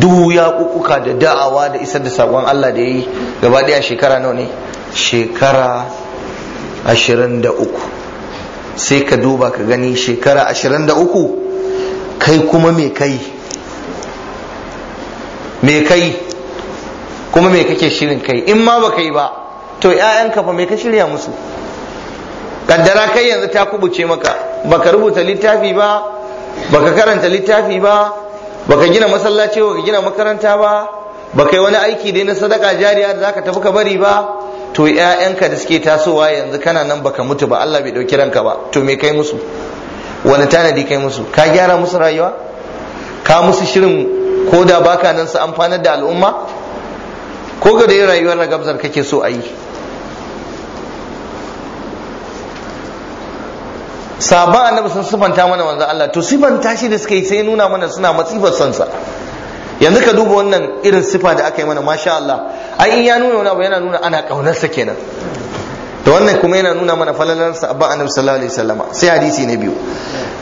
duk ya kukuka da da'awa da isar da sakon Allah da yi gaba ɗaya shekara nawa ne shekara 23 sai ka duba ka gani shekara 23 kai kuma me kai me kai kuma me kake shirin kai in ma baka yi ba to ƴaƴanka fa me ka shirya musu kaddara kai yanzu ta kubuce maka baka rubuta littafi ba baka karanta littafi ba baka gina masallaci baka gina makaranta ba baka yi wani aiki dai na sadaka jariya da zaka tafi ka bari ba to ƴaƴanka da suke tasowa yanzu kana nan baka mutu ba Allah bai dauki ranka ba to me kai musu wani tanadi kai musu ka gyara musu rayuwa ka musu shirin ko baka nan su amfanar da al'umma ko ga dai rayuwar ragabzar kake so a yi sabon annabi sun sifanta mana wanzu Allah to sifanta shi da suka yi sai nuna mana suna matsifar sansa yanzu ka duba wannan irin sifa da aka yi mana masha Allah ai in ya nuna wani abu yana nuna ana kaunarsa kenan to wannan kuma yana nuna mana falalarsa sabon annabi sallallahu alaihi wasallama sai hadisi na biyu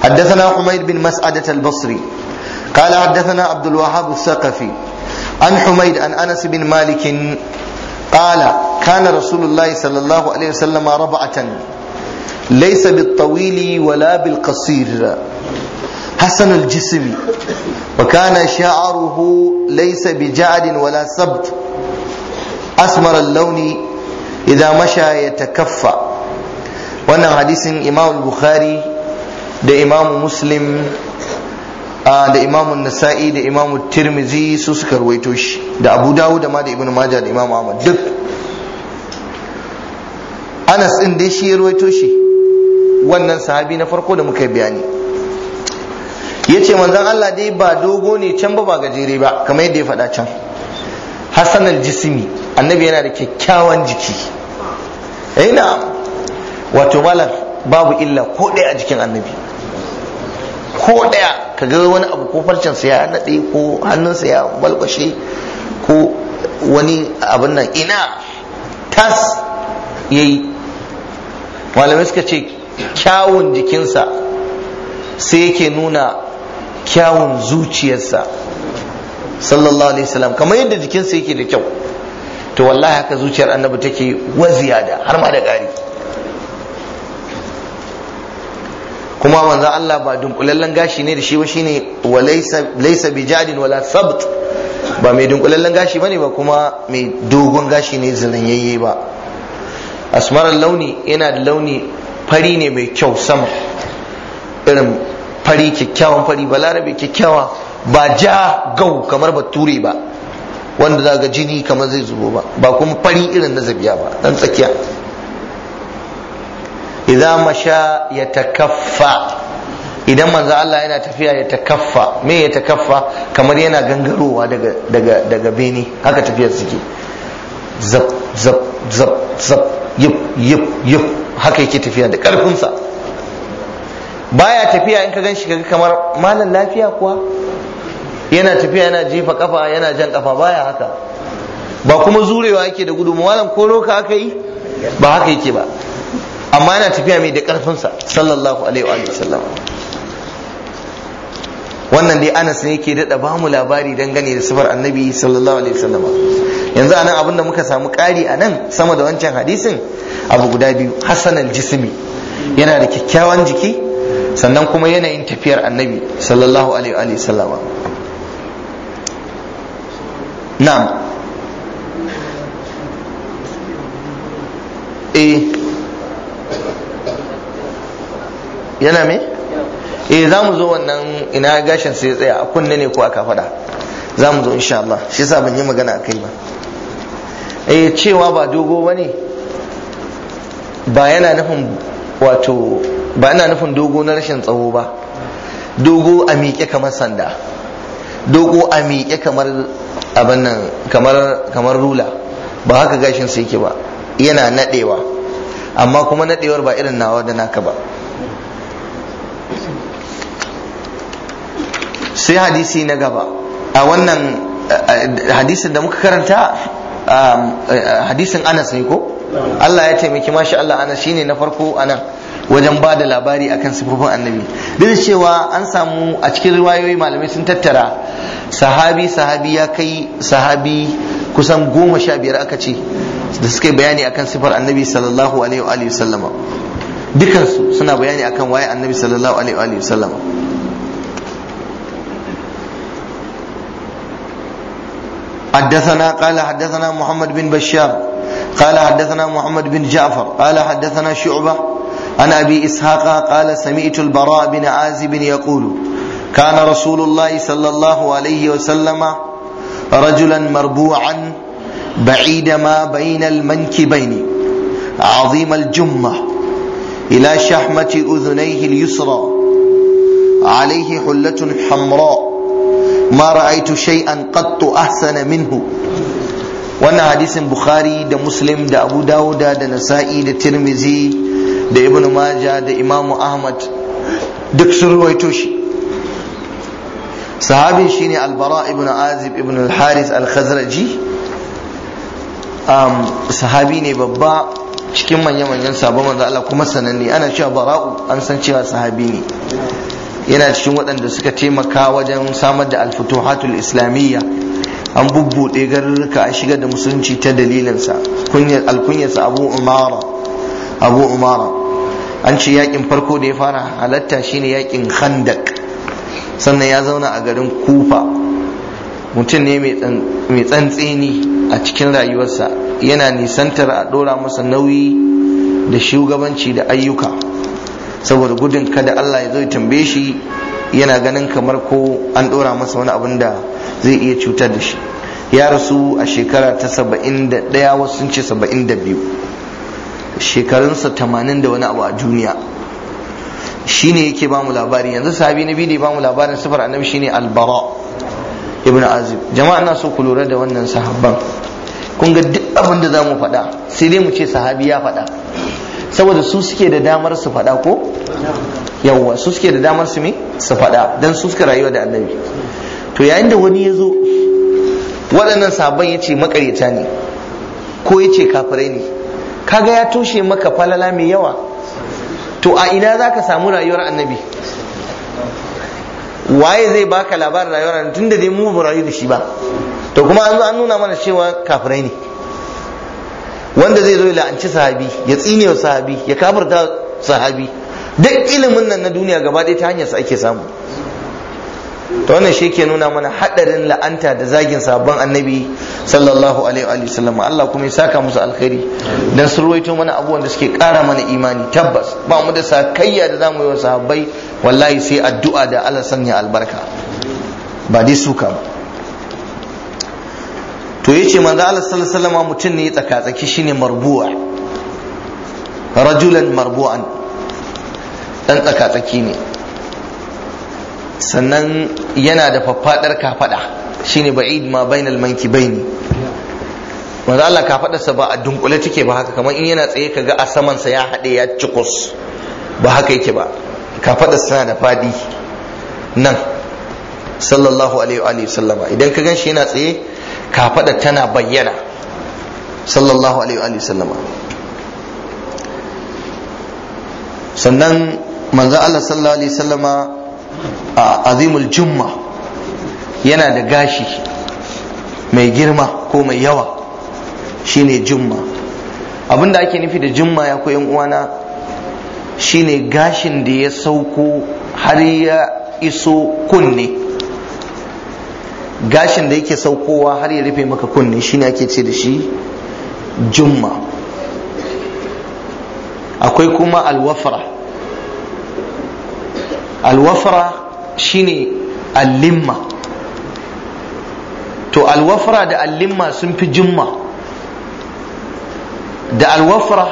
haddathana حميد bin مسعدة basri قال حدثنا عبد الوهاب الثقفي an humaid an anas bin malikin Ƙala kana rasulullahi sallallahu alaihi wasallam raba'atan laysa bit-tawili wala bil-qasir حسن الجسم وكان شعره ليس بجعد ولا سبت أسمر اللون إذا مشى يتكفى wannan hadisin imam bukhari da imam muslim da imamun nasa'i da imamun tirmizi su suka ruwaito shi da abu dawo da ma da ibn majah da imam ahmad duk anas din dai shi ya ruwaito shi wannan sahabi na farko da muka bayani ya ce manzan allah dai ba dogo ne can ba ba gajere ba kamar yadda ya faɗa can hassan al jismi annabi yana da kyakkyawan jiki ina eh, wato malar babu illa ko ɗaya a jikin annabi ko ɗaya ka ga wani abu ko sa ya nade ko hannunsa ya balbashe ko wani abin nan ina tas yayi yi malamai suka ce kyawun jikinsa sai yake nuna kyawun zuciyarsa sallallahu alaihi wasallam kamar yadda jikinsa yake da kyau to wallahi haka zuciyar annabi take waziyada har ma da ƙari kuma manzan Allah ba dunkulallen gashi ne da shi ba shine wa laysa bijadin wala sabt ba mai dunkulallen gashi bane ba kuma mai dogon gashi ne zalanyayye ba asmarar launi yana da launi fari ne mai kyau sama irin fari kyakkyawan fari balarabe kyakkyawa ba ja gau kamar bature ba wanda za jini kamar zai zubo ba ba kuma fari irin na zabiya ba dan tsakiya idan masha yatakaffa idan manzo Allah yana tafiya ya takaffa me ya takaffa kamar yana gangarowa daga daga daga beni haka tafiyar suke zab zab zab zab yip yip yip haka yake tafiya da karfinsa Ba baya tafiya in ka gan shi kaga kamar malam lafiya kuwa yana tafiya yana jefa kafa yana jan kafa baya haka ba kuma zurewa yake da gudu malam ko roka aka yi ba haka yake ba amma yana tafiya mai da ƙarfinsa sallallahu alaihi wa sallam wannan dai anas ne yake daɗa ba mu labari dangane da sifar annabi sallallahu alaihi wasallam yanzu anan abinda muka samu ƙari a nan sama da wancan hadisin abu guda biyu hassan jisimi yana da kyakkyawan jiki sannan kuma yanayin tafiyar annabi sallallahu alaihi wasallam na'am eh yana me eh za mu zo wannan ina gashin sai tsaya a kunne ne ko a kafada za mu zo insha Allah shi yasa ban yi magana a kai ba eh cewa ba dogo bane ba yana nufin wato ba yana nufin dogo na rashin tsawo ba dogo a miƙe kamar sanda dogo a miƙe kamar abin nan kamar kamar rula ba haka gashin sai yake ba yana nadewa amma kuma nadewar ba irin nawa da naka ba sai hadisi na gaba a wannan eh, eh, hadisin da muka karanta um, eh, hadisin anas ne ko Allah ya taimaki mashi Allah anas shine na farko anan wajen ba da labari akan sifofin annabi duk da cewa an samu a cikin riwayoyi malamai sun tattara sahabi sahabi ya kai sahabi kusan goma sha biyar aka ce da suka bayani akan sifar annabi sallallahu alaihi wa sallama dukansu suna bayani akan waye annabi sallallahu alaihi wa sallama حدثنا قال حدثنا محمد بن بشار قال حدثنا محمد بن جعفر قال حدثنا شعبة عن أبي إسحاق قال سمعت البراء بن عازب يقول كان رسول الله صلى الله عليه وسلم رجلا مربوعا بعيد ما بين المنكبين عظيم الجمة إلى شحمة أذنيه اليسرى عليه حلة حمراء ma ra'aitu shay'an qattu ahsana minhu wannan hadisin bukhari da muslim da abu dawuda da nasa'i da tirmizi da ibn maja da imamu ahmad duk sun ruwaito shi sahabin shine albara Ibnu azib Ibnu al-haris al-khazraji sahabi ne babba cikin manya-manyan sabon manzo Allah kuma sananne ana cewa bara'u an san cewa sahabi ne yana cikin waɗanda suka taimaka wajen samar da alfutuhatul islamiyya an bubbuɗe garuruka a shiga da musulunci ta dalilinsa alkunyarsa abu umara abu umara an ce yakin farko da ya fara halatta shine yakin khandak sannan ya zauna a garin kufa mutum ne mai tsantseni a cikin rayuwarsa yana nisantar a ɗora masa nauyi da shugabanci da ayyuka saboda gudun kada Allah ya zo ya tambaye shi yana ganin kamar ko an ɗora masa wani abin da zai iya cutar da shi ya rasu a shekara ta saba'in da ɗaya wasu sun ce saba'in da biyu shekarunsa tamanin da wani abu a duniya shi ne ba bamu labari yanzu sahabi na biyu da ya bamu labarin sifar annabi shine albara ibn azib jama'a na so ku lura da wannan sahabban kun ga duk abin da za mu faɗa sai dai mu ce sahabi ya faɗa saboda su suke da damar su faɗa ko yawwa su suke da damar su me su faɗa dan su suka rayuwa da annabi to yayin da wani ya zo waɗannan sabon ya ce makaryata ne ko ya ce kafirai ne kaga ya toshe maka falala mai yawa to a ina za ka samu rayuwar annabi waye zai baka labarin rayuwar annabi tunda dai mu ba rayu da shi ba to kuma an zo an nuna mana cewa kafirai ne wanda zai zo ya la'anci sahabi ya tsine wa sahabi ya kafirta sahabi duk ilimin nan na duniya gaba ɗaya ta hanyar sa ake samu ta wannan shi ke nuna mana haɗarin la'anta da zagin sabon annabi sallallahu alaihi wa sallam Allah kuma ya saka musu alkhairi dan su ruwaito mana abubuwan da suke ƙara mana imani tabbas ba mu da sakayya da zamu yi wa sahabbai wallahi sai addu'a da Allah sanya albarka ba dai suka ba to yace manzo Allah sallallahu alaihi wasallam mutum ne ya tsaka tsaki shine marbu'a rajulan marbu'an dan tsaki ne sannan yana da faffadar kafada shine ba'id ma bainal mankibaini manzo Allah sa ba a dunkule take ba haka kamar in yana tsaye kaga a saman sa ya hade ya cikus ba haka yake ba kafadarsa suna da fadi nan sallallahu alaihi wa sallama idan ka ganshi yana tsaye kafada tana bayyana sallallahu alaihi wa sallama sannan manzo Allah sallallahu alaihi sallama a azimul jumma yana da gashi mai girma ko mai yawa shine jumma abinda ake nufi da jumma ya koyan uwana shine gashin da ya sauko har ya iso kunne gashin da yake saukowa har ya rufe maka kunne shine ake ce da shi jumma akwai kuma alwafara. Alwafara shine allimma to alwafara da allimma sun fi jumma da alwafara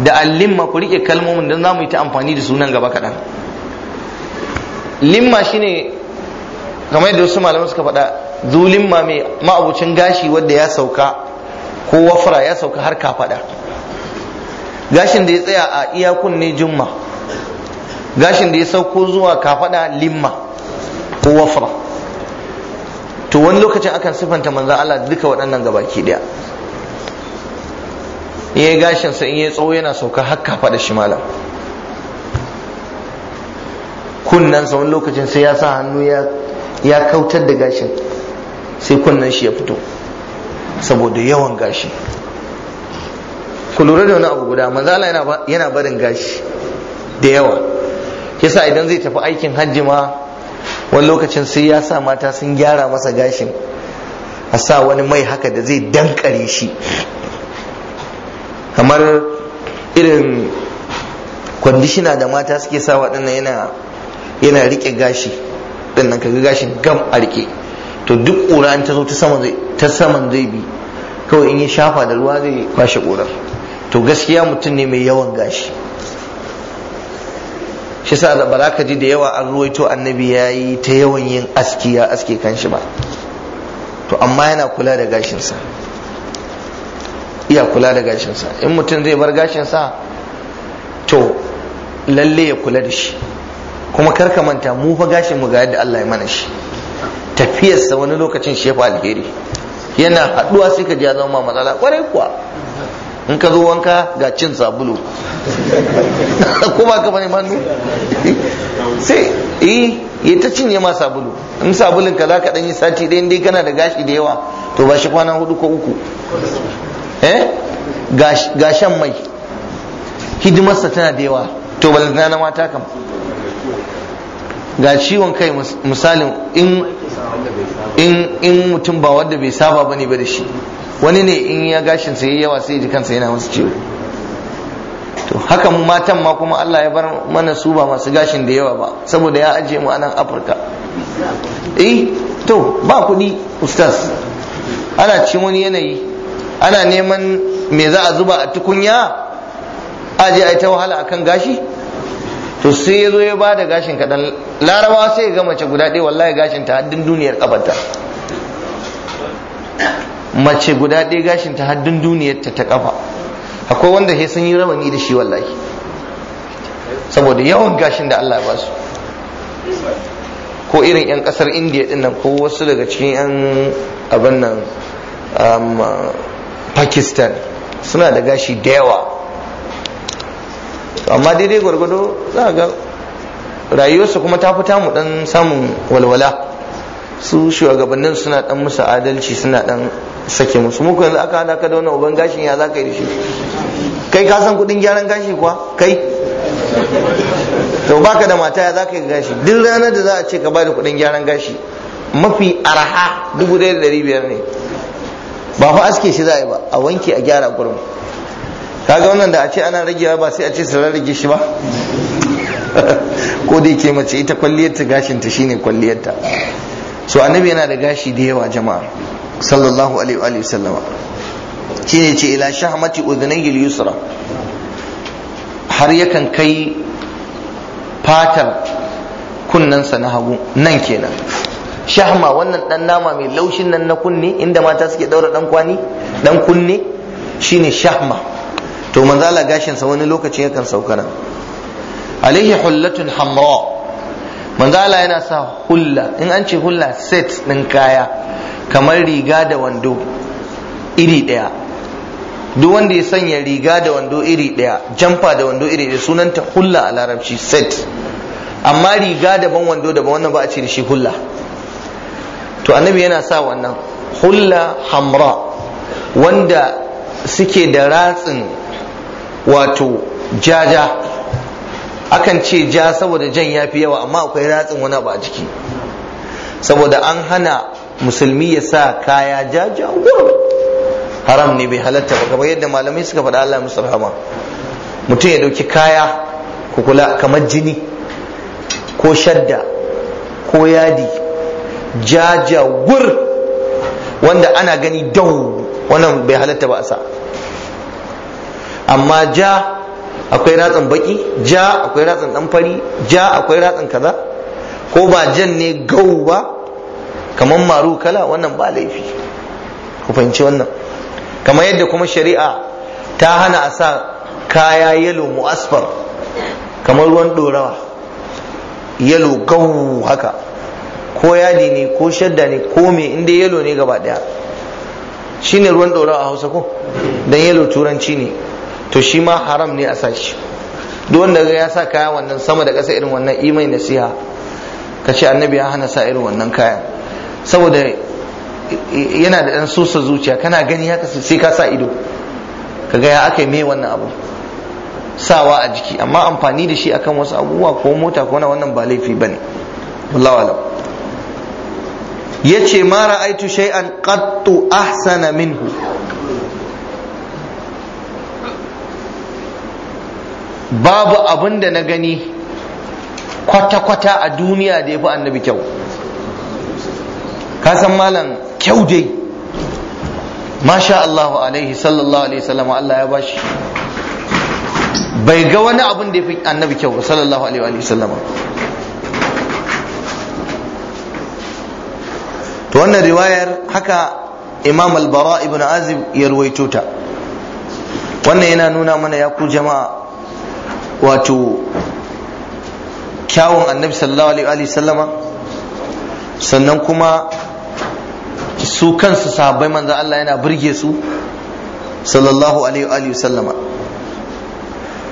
da allimma ku riƙe kalmomin don za mu yi ta amfani da sunan gaba kaɗan limma shine kamar yadda wasu malamai suka faɗa zulin ma mai ma'abucin gashi wanda ya sauka ko wafra ya sauka har kafada gashin da ya tsaya a iyakun ne jumma gashin da ya sauko zuwa kafada limma ko wafra to wani lokacin akan sifanta manzo Allah duka waɗannan gabaki daya in ya gashin sa in ya tsawo yana sauka har kafada shi malam kunnan sa wani lokacin sai ya sa hannu ya kautar da gashin sai kunnen shi ya fito saboda yawan gashi ku lura da wani abu guda manzala yana barin gashi da yawa yasa idan zai tafi aikin hajji ma wani lokacin sai ya sa mata sun gyara masa gashin a sa wani mai haka da zai dankare shi kamar irin kwandishina da mata suke sa waɗannan yana riƙe gashi ɗin nan kaga gashin gam a riƙe. to duk ƙura in ta zo ta saman zai bi kawai in ya shafa da ruwa zai kwashe ƙurar to gaskiya mutum ne mai yawan gashi shi sa da baraka ji da yawa an ruwaito annabi ya yi ta yawan yin aski ya aske kan shi ba to amma yana kula da gashinsa iya kula da gashinsa in mutum zai bar gashinsa to lalle ya kula da shi kuma kar ka manta mu fa gashin mu ga yadda Allah ya mana shi tafiyarsa wani lokacin shi alheri yana haduwa sai ka ji ya zama matsala kwarai kuwa in ka zo wanka ga cin sabulu kuma ka bane manu sai eh ya ta cinye ma sabulu in sabulun ka za ka ɗan yi sati ɗaya dai kana da gashi da yawa to ba shi kwana hudu ko uku eh gashan mai hidimarsa tana da yawa to balantana na mata kam ga ciwon kai misalin in in mutum ba wanda bai saba bane ba da shi wani ne in ya gashin sa yayi yawa sai ji kansa yana wasu ciwo to haka matan ma kuma Allah ya bar mana su ba masu gashin da yawa ba saboda ya ajiye mu anan nan Afirka eh to ba kuɗi ustaz ana cin wani yanayi ana neman me za a zuba a tukunya aje a ta wahala akan gashi to sai ya zo ya ba da gashin kaɗan larabawa sai ya ga mace guda ɗaya wallahi gashin ta haddin duniyar kafarta mace guda ɗaya gashin ta haddin duniyar ta ta kafa akwai wanda sai sun yi rawani da shi wallahi saboda yawan gashin da Allah ya ba ko irin 'yan kasar indiya din nan ko wasu daga cikin 'yan abin nan um, pakistan suna da gashi da yawa to amma daidai gwargwado za ga rayuwarsa kuma ta fita mu dan samun walwala su shugabannin suna dan musu adalci suna dan sake musu muku yanzu aka hada ka da wani uban gashin ya za ka yi da shi kai ka san kudin gyaran gashi kuwa kai to baka da mata ya za ka yi gashi duk ranar da za a ce ka bada kudin gyaran gashi mafi arha dubu ɗaya da ɗari biyar ne ba fa aske shi za a yi ba a wanke a gyara gurin kaga wannan da a ce ana ragewa ba sai a ce su rarrage shi ba ko dai ke mace ita kwalliyarta gashinta shine kwalliyarta so annabi yana da gashi da yawa jama'a sallallahu alaihi wa sallama shine ce ila shahmati udhnayi al-yusra har yakan kai fatar kunnensa na hagu nan kenan shahma wannan dan nama mai laushin nan na kunne inda mata suke daura dan kwani dan kunne shine shahma to manzo Allah gashin sa wani lokaci yakan sauka nan alaihi hullatun hamra manzo Allah yana sa hulla in an ce hulla set din kaya kamar riga da wando iri daya duk wanda ya sanya riga da wando iri daya jamfa da wando iri daya sunanta hulla a larabci set amma riga daban wando daban wannan ba a ce da shi hulla to annabi yana sa wannan hulla hamra wanda suke da ratsin wato jaja akan ce ja saboda jan ya fi yawa amma akwai ratsin wani abu a jiki saboda an hana musulmi ya sa kaya jaja haram ne bai halatta ba kamar yadda malamai suka faɗa Allah musu rahama mutum ya ɗauki kaya kukula kamar jini ko shadda ko yadi jaja wanda ana gani dau wannan bai halatta ba a sa amma ja akwai ratsan baki ja akwai ratsan dan fari ja akwai ratsan kaza ko ba jan ne gau ba kamar maru kala wannan ba laifi ku fahimci wannan kamar yadda kuma shari'a ta hana a sa kaya yalo mu'asfar kamar ruwan dorawa yalo gau haka ko yadi ne ko shadda ne ko me inda yalo ne gaba daya shine ruwan dorawa a hausa ko dan yalo turanci ne to shi ma haram ne a sashi duk wanda ya sa kaya wannan sama da ƙasa irin wannan imai nasiha ka ce annabi ya hana sa irin wannan kayan saboda yana da ɗan sosa zuciya kana gani haka sai ka sa ido ka ga ya aka yi wannan abu sawa a jiki amma amfani da shi akan wasu abubuwa ko mota ko na wannan ba laifi bane Ya ce yace mara aitu shai'an ƙattu ahsana minhu babu abin da na gani kwata-kwata a duniya da ya fi annabi kyau kasan malam kyau dai masha Allahu alaihi sallallahu alaihi sallam Allah ya bashi bai ga wani abin da ya fi annabi kyau ba sallallahu alaihi sallam. to wannan riwayar haka imam al-bara ibn azib ya ruwaito ta wannan yana nuna mana ya ku jama'a wato kyawun annabi sallallahu alaihi sallama sannan kuma su kansu sahabbai manzo Allah yana burge su sallallahu alaihi sallama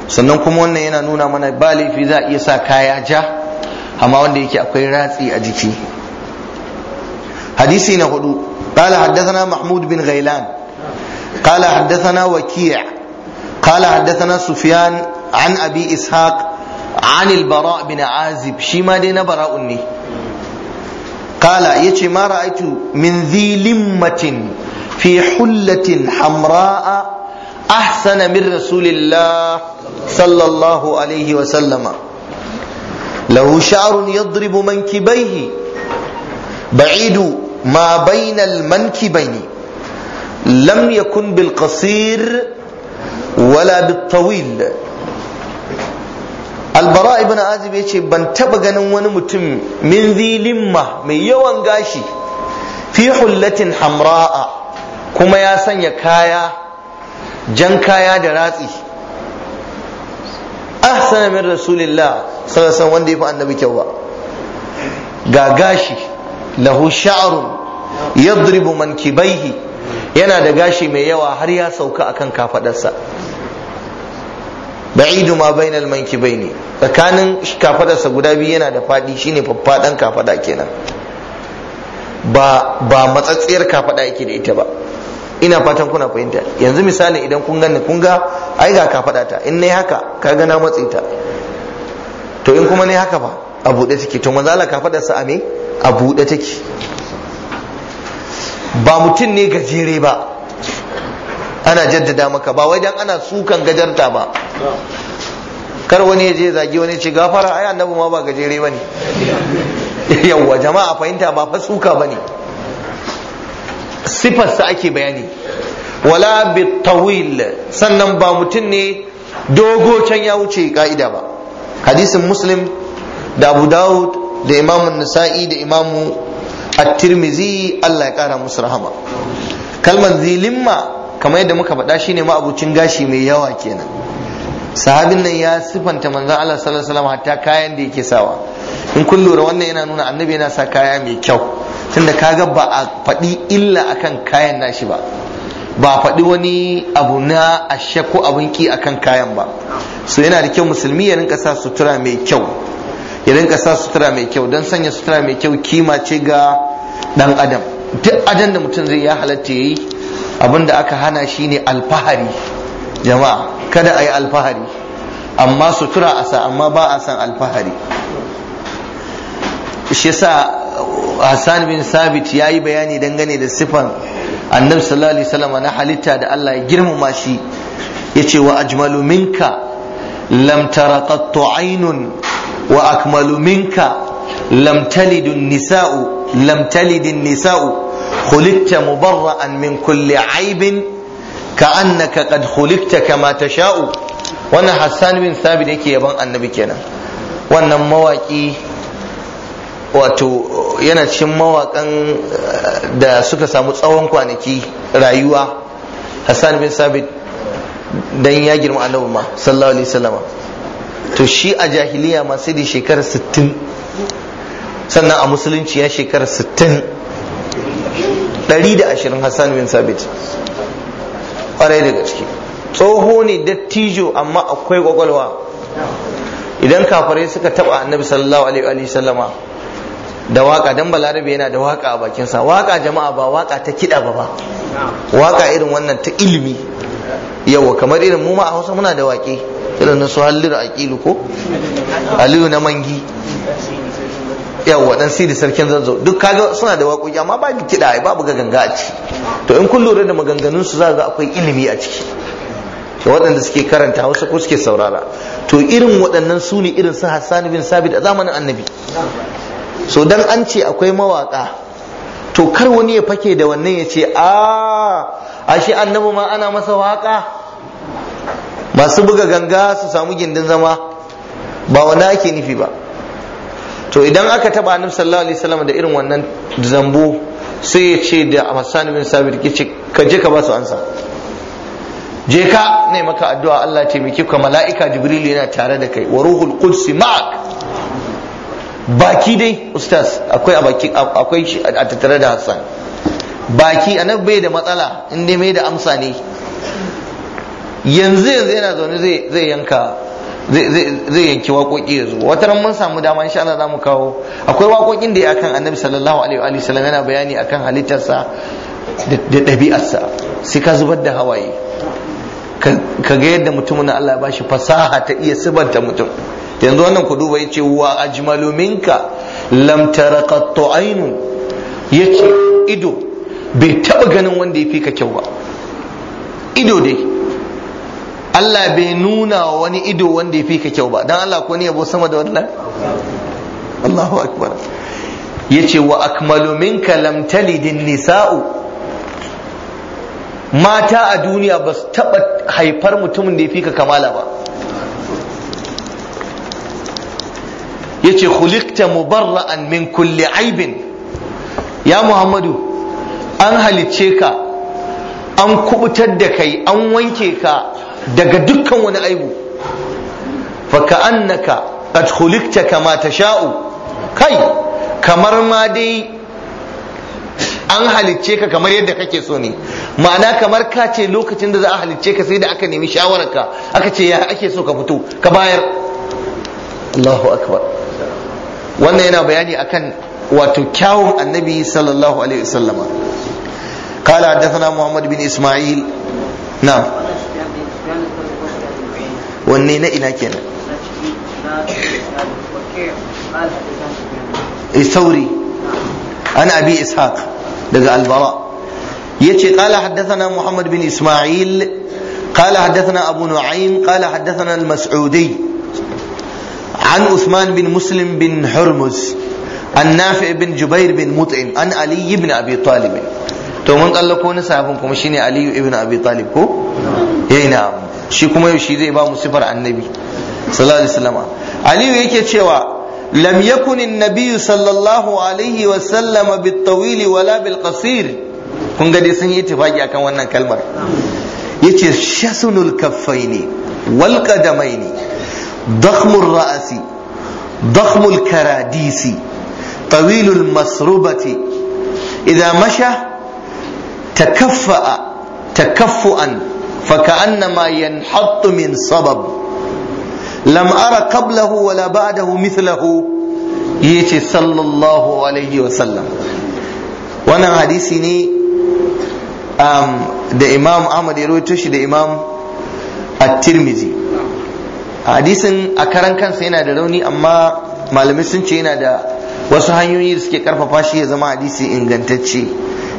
sannan kuma wannan yana nuna mana ba laifi za a iya sa kaya ja amma wanda yake akwai ratsi a jiki hadisi na hudu قال حدثنا محمود بن غيلان قال حدثنا وكيع قال حدثنا سفيان an abi ishaq an al-bara bin azib shi ma dai na bara'un ne kala yace mara ra'aitu min zilimmatin fi hullatin hamra'a ahsana min rasulillah sallallahu alaihi wa sallama lahu sha'run yadribu mankibaihi ba'idu ma bainal mankibaini لم يكن wala ولا tawil. albara ibn azib yace ban taba ganin wani mutum min zilimma mai yawan gashi fi hullatin hamra'a kuma ya sanya kaya jan kaya da ratsi ahsana min rasulillah sallallahu wanda ya fi annabi kyau ba ga gashi lahu sha'run yadribu mankibaihi yana da gashi mai yawa har ya sauka akan kafadarsa بعيد ma بين المنكبين tsakanin kafadarsa guda biyu yana da fadi shine faffadan kafada kenan ba ba matsatsiyar kafada yake da ita ba ina fatan kuna fahimta yanzu misali idan kun gani kun ga ai ga kafada ta in nayi haka ka ga na matsi ta to in kuma nayi haka ba a buɗe take to manzo Allah kafadarsa a me a buɗe take ba mutum ne gajere ba ana jaddada maka ba wai dan ana sukan gajarta ba kar wani je zagi wani ce gafara ai annabi ma ba gajere bane yawwa jama'a fahimta ba fa suka bane sa ake bayani wala tawil sannan ba mutum ne dogo can ya wuce ka'ida ba hadisin muslim da abu dawud da imamu nasa'i da imamu at-tirmidhi Allah ya kara musu rahama kalman zilimma kamar yadda muka faɗa shine ma'abucin gashi mai yawa kenan sahabin nan ya sifanta manzon Allah sallallahu alaihi wasallam hatta kayan da yake sawa in kun lura wannan yana nuna annabi yana sa kaya mai kyau tunda kaga ba a faɗi illa akan kayan nashi ba ba a faɗi wani abu na ashe ko abin ki akan kayan ba so yana da kyau musulmi ya rinka sa sutura mai kyau ya rinka sa sutura mai kyau don sanya sutura mai kyau kima ce ga dan adam duk adan da mutum zai ya halatta yayi abin da aka hana shi ne alfahari jama'a kada a yi alfahari amma sutura a sa amma ba a san alfahari shi sa uh, Hassan bin Sabit ya yi bayani dangane da siffan. annabi sallallahu alaihi wasallam na halitta da Allah ya girmama shi yace wa ajmalu minka lam tara aynun wa akmalu minka lam nisau lam nisau خلقت mubarra'an min كل عيب ka annaka خلقت كما تشاء وانا wannan Hassan bin Thabit yake yaban annabi kenan wannan mawaki wato yana cikin mawakan da suka samu tsawon kwanaki rayuwa Hassan bin sabit dan ya girma annabi ma sallallahu alaihi wasallam to shi a jahiliya ma sai da shekarar 60 sannan a musulunci ya shekarar 60 120 hassan bin sabit ƙwarai da gaske tsoho ne dattijo amma akwai ƙwaƙwalwa idan kafirai suka taɓa annabi sallallahu alaihi sallama da waka dan balarabe yana da waka a bakinsa waka jama'a ba waka ta kiɗa ba ba waka irin wannan ta ilimi yau kamar irin mu ma a hausa muna da waƙe irin na su halliru aƙilu ko aliyu na mangi yawa dan siri sarkin zanzo duk kaga suna da waƙoƙi amma ba kiɗa babu ga ganga a ciki to in kun lura da maganganun su za ga akwai ilimi a ciki to waɗanda suke karanta hausa ko suke saurara to irin waɗannan su ne irin su hassan bin sabit a zamanin annabi so dan an ce akwai mawaƙa to kar wani ya fake da wannan ya ce a ashe annabi ma ana masa waƙa masu buga ganga su samu gindin zama ba wani ake nufi ba to idan aka taba annabi sallallahu alaihi wasallam da irin wannan zambo sai ya ce da Hassan bin Sabit kici ka je ka ba su ansa je ka ne maka addu'a Allah ya taimake ka mala'ika Jibril yana tare da kai wa ruhul quds ma'ak baki dai ustaz akwai a baki akwai a tattare da Hassan baki anan bai da matsala in dai mai da amsa ne yanzu yanzu yana zaune zai yanka zai yanki wakoki ya zo wata ran mun samu dama insha Allah zamu kawo akwai waƙoƙin da ya akan annabi sallallahu alaihi wa sallam yana bayani akan halittarsa da ɗabi'arsa sai ka zubar da hawaye ka ga yadda mutumin Allah ya bashi fasaha ta iya sibanta mutum yanzu wannan ku duba yace wa ajmalu minka lam taraqattu aynun yace ido bai taba ganin wanda ya fi ka kyau ba ido dai Allah bai nuna wani ido wanda ya fi ka kyau ba don Allah ko ne yabo sama da wannan Allahu akbar yace wa akmalu minka lam talidin nisa'u mata a duniya ba su taba haifar mutumin da ya fi ka kamala ba yace khuliqta mubarra'an min kulli aibin ya muhammadu an halicce ka an kubutar da kai an wanke ka daga dukkan wani aibu fa ka qad khuliqta kama sha'u kai kamar ma dai an halicce ka kamar yadda kake so ne ma'ana kamar ka ce lokacin da za a halicce ka sai da aka nemi shawararka aka ce ya ake so ka fito ka bayar Allahu akbar wannan yana bayani akan wato kyawun annabi sallallahu alaihi wasallama قال حدثنا محمد بن اسماعيل نعم wanne na ina kenan isauri eh, an abi ishaq daga albara yace qala haddathana muhammad bin isma'il qala haddathana abu nu'aym qala haddathana al-mas'udi عن عثمان بن مسلم بن حرمز عن نافع بن جبير بن مطعم عن علي بن ابي طالب تو من قال لكم علي بن ابي طالب shi kuma yau shi zai ba mu sifar annabi sallallahu alaihi wasallam aliyu yake cewa lam yakun annabi sallallahu alaihi wasallam bitawil wala bil qasir kun ga dai sun yi tafaki akan wannan kalmar yace shasunul kaffaini wal qadamaini dakhmur ra'si dakhmul karadisi tawilul masrubati idza masha takaffa'a takaffu'an فكأنما ينحط من سبب لم أرى قبله ولا بعده مثله يتي صلى الله عليه وسلم وانا حديثي ني أم ده إمام أحمد da ده at الترمذي hadisin a karan kansa yana da rauni amma malamai sun ce yana da wasu hanyoyi da suke karfafa shi ya zama hadisi ingantacce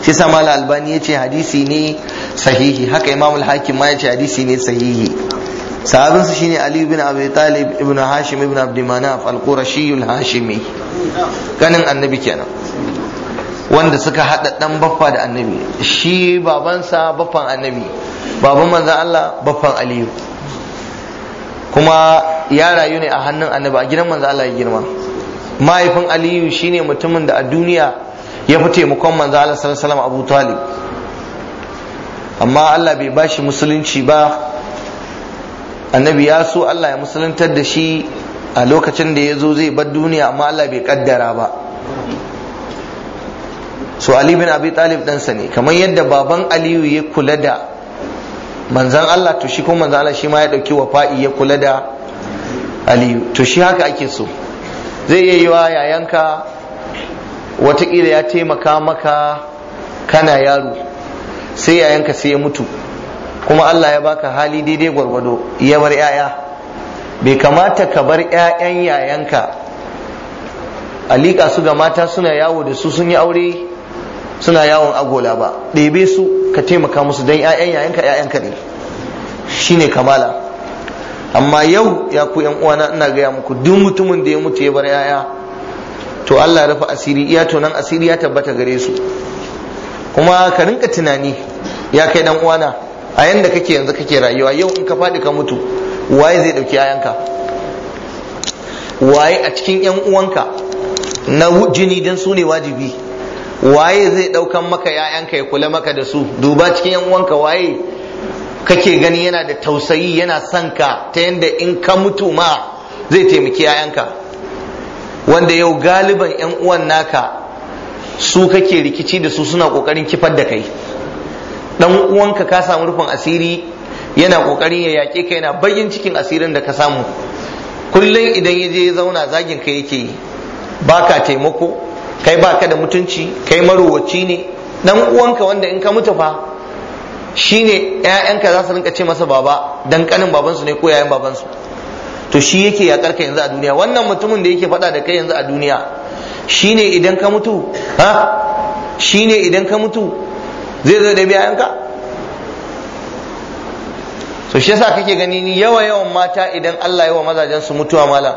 shi sa mala albani ya ce hadisi ne sahihi haka al hakim ma ya ce hadisi ne sahihi su shine ali ibn abi talib ibn hashim ibn abd manaf al-qurashi al-hashimi ganin annabi kenan wanda suka hada dan baffa da annabi shi babansa baffan annabi baban manzo Allah baffan aliyu kuma ya rayu ne a hannun annabi a gidan manzo Allah ya girma mahaifin aliyu shine mutumin da a duniya ya fi taimakon manzo Allah sallallahu alaihi Abu Talib amma Allah bai bashi musulunci ba annabi ya so Allah ya musuluntar da shi a lokacin da ya zo zai bar duniya amma Allah bai kaddara ba so Ali bin Abi Talib ɗansa ne kamar yadda baban Aliyu ya kula da manzan Allah to shi kuma manzan Allah shi ma ya ɗauki wafa'i ya kula da Aliyu to shi haka ake so zai iya yi wa yayanka watakila ya taimaka maka kana yaro sai yayanka sai ya mutu kuma Allah ya baka hali daidai gwargwado ya bar 'ya'ya bai kamata ka bar 'ya'yan yayanka alika su ga mata suna yawo da su sun yi aure suna yawon agola ba ɗebe su ka taimaka musu don 'ya'yan yayanka 'ya'yanka ne shine kamala amma yau ya ku 'yan uwana ina gaya muku duk mutumin da ya mutu ya bar 'ya'ya to Allah rufe asiri iya to nan asiri ya tabbata gare su kuma ka rinka tunani ya kai dan uwana a yanda kake yanzu kake rayuwa yau in ka faɗi ka mutu waye zai ɗauki yayanka waye a cikin yan uwanka na jini dan su ne wajibi waye zai ɗaukan maka yayanka ya kula maka da su duba cikin yan uwanka waye kake gani yana da tausayi yana son ka ta yanda in ka mutu ma zai taimaki yayanka wanda yau galiban 'yan uwan naka su kake rikici da su suna kokarin kifar da kai dan uwanka ka samu rufin asiri yana kokarin ya yake ka yana bayin cikin asirin da ka samu kullum idan ya je ya zauna zagin ka yake yi baka taimako kai baka da mutunci kai marowaci ne dan uwanka wanda in ka mutu fa shine ƴaƴanka za su rinka ce masa baba dan kanin babansu ne ko yayan babansu to shi yake yakar ka yanzu a duniya wannan mutumin da yake faɗa da kai yanzu a duniya shine idan ka mutu ha shine idan ka mutu zai zo da biyayenka to shi yasa kake gani ni yawa yawan mata idan Allah ya wa mazajen su mutuwa malam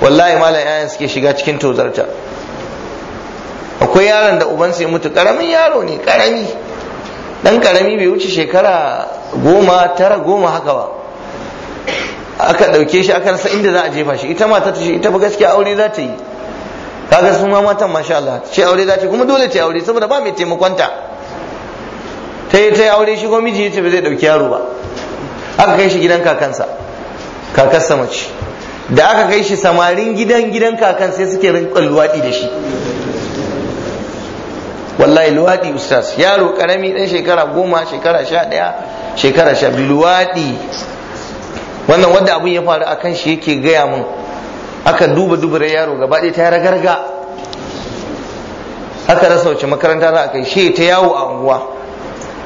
wallahi malam yayan suke shiga cikin tozarta akwai yaron da ubansu ya mutu karamin yaro ne karami dan karami bai wuce shekara goma tara goma haka ba aka ɗauke shi aka rasa inda za a jefa shi ita mata ta shi, ita ba gaskiya aure za ta yi kaga su ma matan masha Allah ce aure za ta yi kuma dole ta aure saboda ba mai taimakonta ta yi ta yi aure shi ko miji ya ce ba zai ɗauki yaro ba aka kai shi gidan kakansa kakarsa mace da aka kai shi samarin gidan gidan kakan sai suke rinƙa luwaɗi da shi wallahi luwaɗi ustaz yaro ƙarami ɗan shekara goma shekara sha ɗaya shekara sha biyu luwaɗi wannan wanda abin ya faru a kan shi yake gaya mun aka duba dubura yaro gaba ɗaya ta ragarga aka rasa wace makaranta za a kai shi ta yawo a unguwa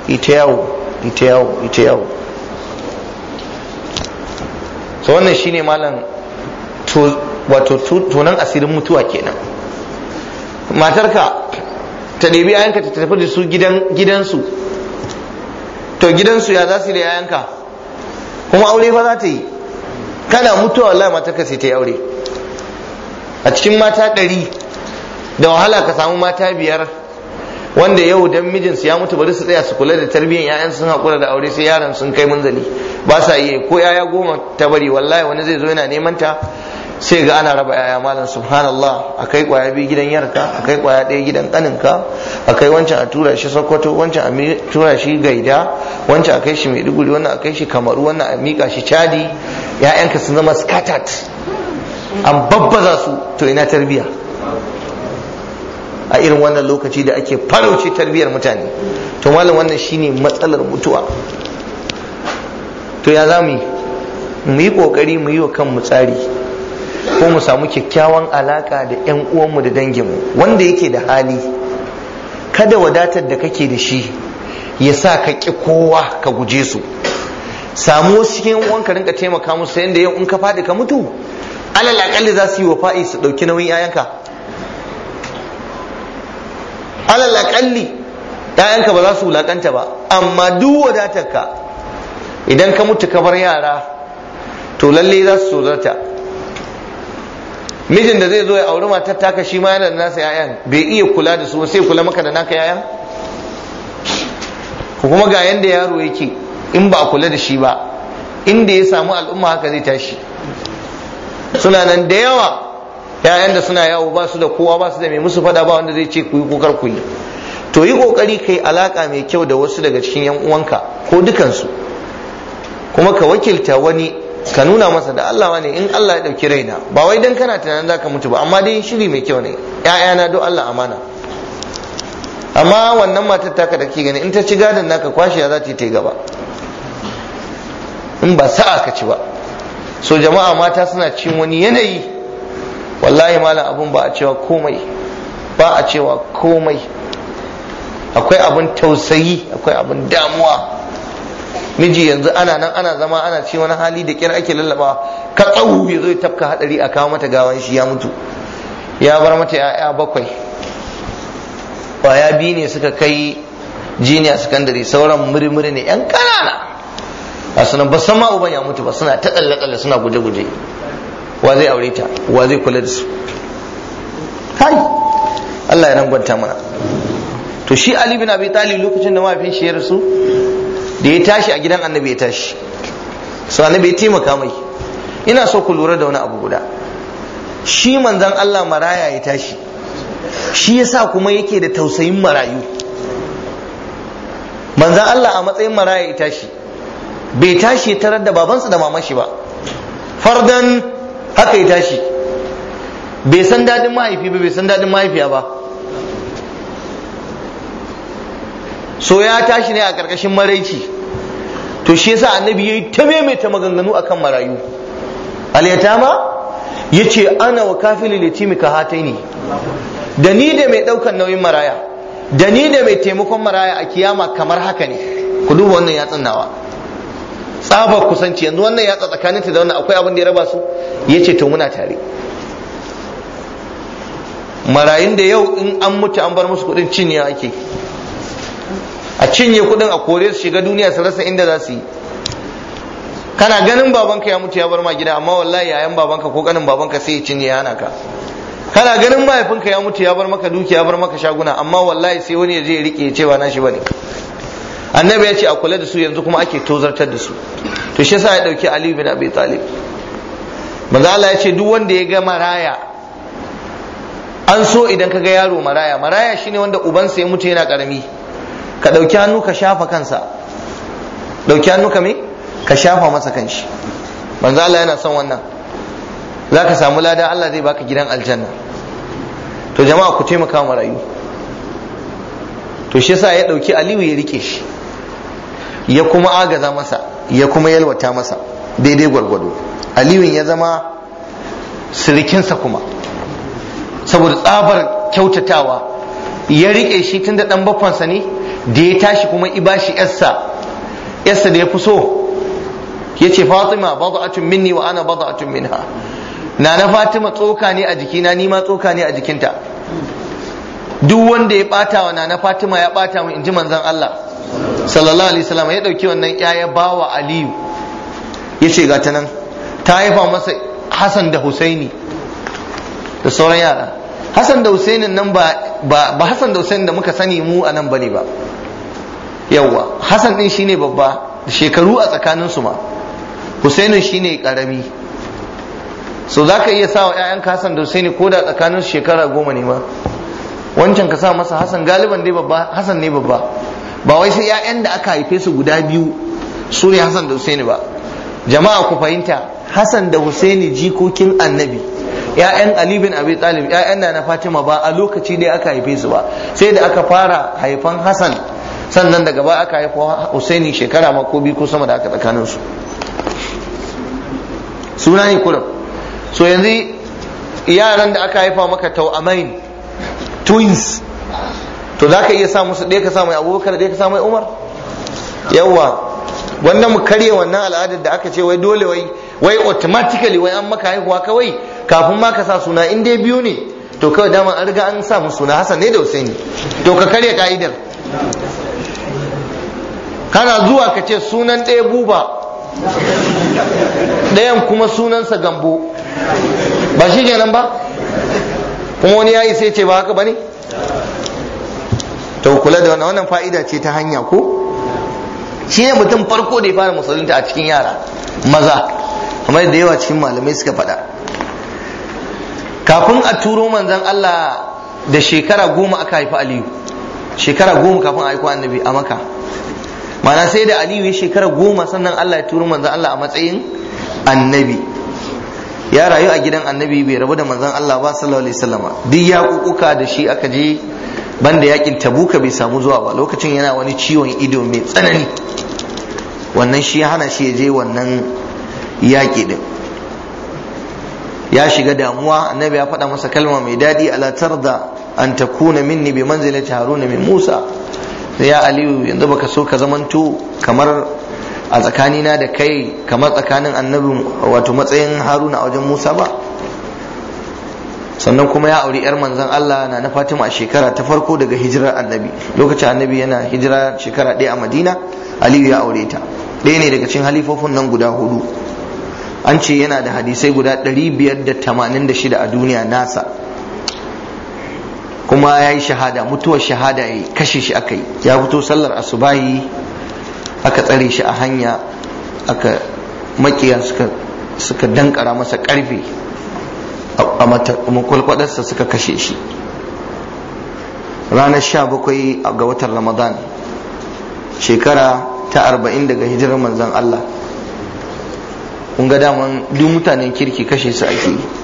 ita yawo ita yawo ita yawo To wannan shine malam wato tunan asirin mutuwa kenan matarka ta ɗebi yayanka ta tafi da su gidansu to gidansu ya za su da yayanka kuma aure fa za ta yi kana mutuwa Allah mata ka sai ta yi aure a cikin mata ɗari da wahala ka samu mata biyar wanda yau dan mijinsu ya mutu bari su tsaya su kula da tarbiyyar yayan sun haƙura da aure sai yaran sun kai munzali ba sa iya ko yaya goma ta bari wallahi wani zai zo yana neman ta sai ga ana raba yaya malam subhanallah akai kwaya biyu gidan yarka akai kwaya ɗaya gidan kaninka akai wancan a tura shi sokoto wancan a tura shi gaida wancan a kai shi maiduguri wannan a kai shi kamaru wannan a mika shi chadi ya'yanka sun zama scattered an babbaza su to ina tarbiya a irin wannan lokaci da ake farauci tarbiyar mutane to malam wannan shine matsalar mutuwa to ya za mu yi mu yi kokari mu yi wa kanmu tsari ko mu samu kyakkyawan alaka da 'yan uwanmu da danginmu wanda yake da hali kada wadatar da kake da shi ya sa ka ƙi kowa ka guje su samu wasu cikin uwan ka rinka taimaka musu yadda yau in ka faɗi ka mutu alal akalli za su yi wafa'i su ɗauki nauyin 'ya'yanka alal akalli 'ya'yanka ba za su wulaƙanta ba amma duk wadatar ka, idan ka mutu ka bar yara to lalle za su tsorata mijin da zai zo ya auri matar taka shi ma yana da nasa yayan bai iya kula da su sai kula maka da naka yayan ko kuma ga yanda yaro yake in ba kula da shi ba inda ya samu al'umma haka zai tashi suna nan da yawa yayan da suna yawo ba su da kowa ba su da mai musu fada ba wanda zai ce ku yi kokar ku yi to yi kokari kai alaka mai kyau da wasu daga cikin yan uwanka ko dukansu kuma ka wakilta wani ka nuna masa da Allah ne in Allah ya dauki raina ba wai dan kana tunanin zaka mutu ba amma dai shiri mai kyau ne ƴaƴana do Allah amana amma wannan matar taka da ke gani in ta ci gadon naka kwashe ya za ta yi gaba in ba sa'a ka ci ba so jama'a mata suna cin wani yanayi wallahi malam abun ba a cewa komai ba a cewa komai akwai abin tausayi akwai abin damuwa miji yanzu ana nan ana zama ana ci wani hali da kyar ake lallaba ka tsawo ya zo ya tafka hadari a kawo mata gawan shi ya mutu ya bar mata ya'ya bakwai ya biyu ne suka kai jiniya sakandare sauran murmuri ne yan kanana a suna ba san ma uban ya mutu ba suna ta tsalle tsalle suna guje guje wa zai aure ta wa zai kula da su kai Allah ya rangwanta mana to shi Ali bin Abi Talib lokacin da mahaifin shi ya rasu da ya tashi a gidan annabi ya tashi so annabi ya taimaka mai ina so ku lura da wani abu guda shi manzan Allah maraya ya tashi shi yasa kuma yake da tausayin marayu manzan Allah a matsayin maraya ya tashi bai tashi tarar da babansa da mamashi ba fardan haka ya tashi bai san dadin mahaifi ba bai san dadin mahaifiya ba so ya tashi ne a ƙarƙashin maraici to shi yasa annabi yayi ta maimaita maganganu akan marayu Aliyatama ya yace ana wa kafilul yatimi ka hataini da ni da mai daukan nauyin maraya da ni da mai taimakon maraya a kiyama kamar haka ne ku duba wannan ya tsannawa tsabar kusanci yanzu wannan ya tsakaninta da wannan akwai abin da ya raba su yace to muna tare marayun da yau in an mutu an bar musu kudin cinya ake a cinye kuɗin a kore su shiga duniya su rasa inda za su yi kana ganin babanka ya mutu ya bar ma gida amma wallahi yayan babanka ko ganin babanka sai ya cinye ya hana ka kana ganin mahaifinka ya mutu ya bar maka dukiya ya bar maka shaguna amma wallahi sai wani ya je ya rike ce na shi bane annabi ya ce a kula da su yanzu kuma ake tozartar da su to shi yasa ya dauki ali bin abi talib manzo Allah ya ce duk wanda ya ga maraya an so idan kaga yaro maraya maraya shine wanda ubansa ya mutu yana karami ka ɗauki hannu ka shafa kansa ɗauki hannu ka me ka shafa masa kanshi manzo Allah yana son wannan za ka samu lada Allah zai baka gidan aljanna to jama'a ku taimaka rayu to shi yasa ya ɗauki Aliyu ya rike shi ya kuma agaza masa ya kuma yalwata masa daidai gwargwado aliyun ya zama sirikinsa kuma saboda tsabar kyautatawa ya rike shi tun da ɗan baffansa ne da ya tashi kuma ibashi yarsa yarsa da ya fi so ya ce fatima bada'atun minni wa ana bada'atun minha na na fatima tsoka ne a jikina ni ma tsoka ne a jikinta duk wanda ya bata wa na fatima ya bata mu inji manzon Allah sallallahu alaihi wasallam ya dauki wannan ya bawa aliyu ya ce gata nan ta haifa masa hasan da husaini da sauran yara hasan da husainin nan ba ba hasan da husainin da muka sani mu a nan bane ba yawa hasan din shine babba shekaru a tsakanin su ma husainin shine karami so za ka iya sa wa 'ya'yanka hasan da husaini ko da tsakanin shekara goma ne ma wancan ka sa masa hasan galiban dai babba hasan ne babba ba wai sai 'ya'yan da aka haife su guda biyu su ne hasan da husaini ba jama'a ku fahimta hasan da husaini jikokin annabi ‘ya'yan Ali bin Abi Talib ‘ya'yan na Fatima ba a lokaci dai aka haife su ba sai da aka fara haifan Hassan sannan daga ba aka haifo Usaini shekara ma ko biyu ko sama da aka tsakanin su suna ne kullum so yanzu yaran da aka haifa maka tau'amain twins to za ka iya sa musu ɗaya ka sa mai abubakar ɗaya ka sa mai umar yawa wannan mu karya wannan al'adar da aka ce wai dole wai wai automatically wai an maka haihuwa kawai kafin ma ka sa suna in dai biyu ne to kawai dama an riga an samu suna hasan ne da usaini to ka karya ka'idar kana zuwa ka ce sunan ɗaya buba ɗayan kuma sunansa gambo ba shi kenan ba kuma wani ya isa ce ba haka ba ne to kula da wannan fa'ida ce ta hanya ko shi ne mutum farko da ya fara musulunta a cikin yara maza kamar da yawa cikin malamai suka faɗa kafin a turo manzan Allah da shekara goma aka haifi aliyu shekara goma kafin a haifi annabi a maka mana sai da aliyu ya shekara goma sannan allah ya turo manzan allah a matsayin annabi ya rayu a gidan annabi bai rabu da manzan allah ba sallallahu alaihi wasallama duk ya kukuka da shi aka je banda yakin tabuka bai samu zuwa ba lokacin yana wani ciwon ido mai tsanani wannan shi hana shi ya je wannan yaƙi din ya shiga damuwa annabi ya faɗa masa kalma mai daɗi ala tarda an takuna minni bi manzilati haruna min musa ya aliyu yanzu baka so ka zamanto kamar a tsakanina da kai kamar tsakanin annabi wato matsayin haruna a wajen musa ba sannan kuma ya auri yar manzan Allah na na Fatima a shekara ta farko daga hijirar annabi lokacin annabi yana hijira shekara ɗaya a Madina Aliyu ya aure ta ɗaya ne daga cikin halifofin nan guda hudu an ce yana da hadisai guda 586 a duniya nasa kuma ya yi shahada mutuwar shahada ya kashe shi aka yi ya fito sallar asubahi aka tsare shi a hanya aka makiya suka dankara masa karfe a makwalkwadarsa suka kashe shi ranar sha bakwai ga watan ramadan shekara ta arba'in daga hijirar manzan allah kun ga daman duk mutanen kirki kashe su ake yi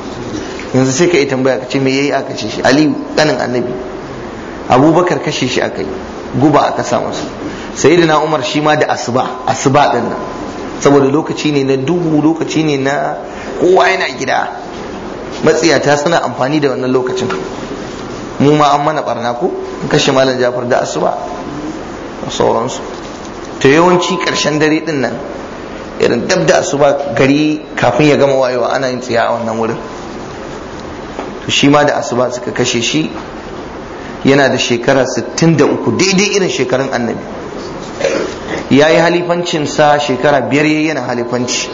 yanzu sai ka yi tambaya ka ce me yayi aka ce shi aliyu kanin annabi abubakar kashe shi aka yi guba aka sa masu sayyidina umar shi ma da asuba asuba din nan saboda lokaci ne na duhu lokaci ne na kowa yana gida matsiyata suna amfani da wannan lokacin mu ma an mana barna ko kashe malam jafar da asuba da sauransu to yawanci ƙarshen dare din nan irin dab da asuba gari kafin ya gama wayewa ana yin tsiya a wannan wurin to shi ma da asuba suka kashe shi yana da shekara 63 daidai irin shekarun annabi ya yi halifancinsa shekara biyar ya yana halifanci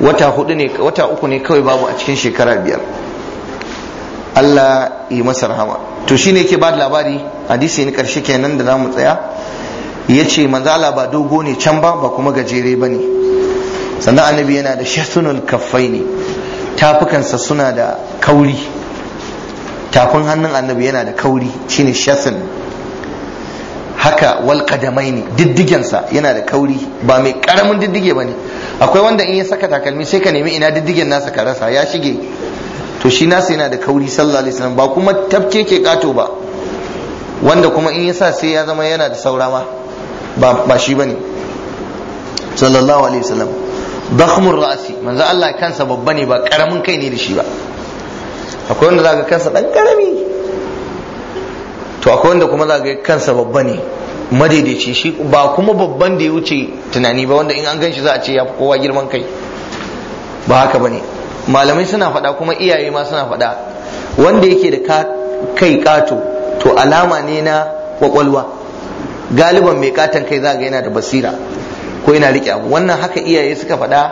wata uku ne kawai babu a cikin shekara biyar Allah yi masa rahama to shi ne ke ba da labari hadisi ne karshe kenan da zamu tsaya yace ce manzala ba dogo ne can ba ba kuma gajere ba ne sannan annabi yana da kaffai ne. tafukansa suna da kauri tafin hannun annabi yana da kauri shine shasin haka wal kadamai ne diddigensa yana da kauri ba mai karamin diddige ba ne akwai wanda in ya saka takalmi sai ka nemi ina diddigen nasa ka rasa ya shige to shi nasa yana da kauri sallallahu alaihi wasallam ba kuma tafke ke kato ba wanda kuma in ya sa sai ya zama yana da saurama. ba shi bane sallallahu alaihi wasallam dakhmur ra'si manzo Allah kansa babba ne ba karamin kai ne da shi ba akwai wanda zaka kansa dan karami to akwai wanda kuma zaka kansa babba ne madaidaici shi ba kuma babban da ya wuce tunani ba wanda in an ganshi za a ce ya fi kowa girman kai ba haka bane malamai suna faɗa kuma iyaye ma suna faɗa wanda yake da kai kato to alama ne na kwakwalwa galiban mai katon kai za yana da basira ko yana riƙe abu wannan haka iyaye suka faɗa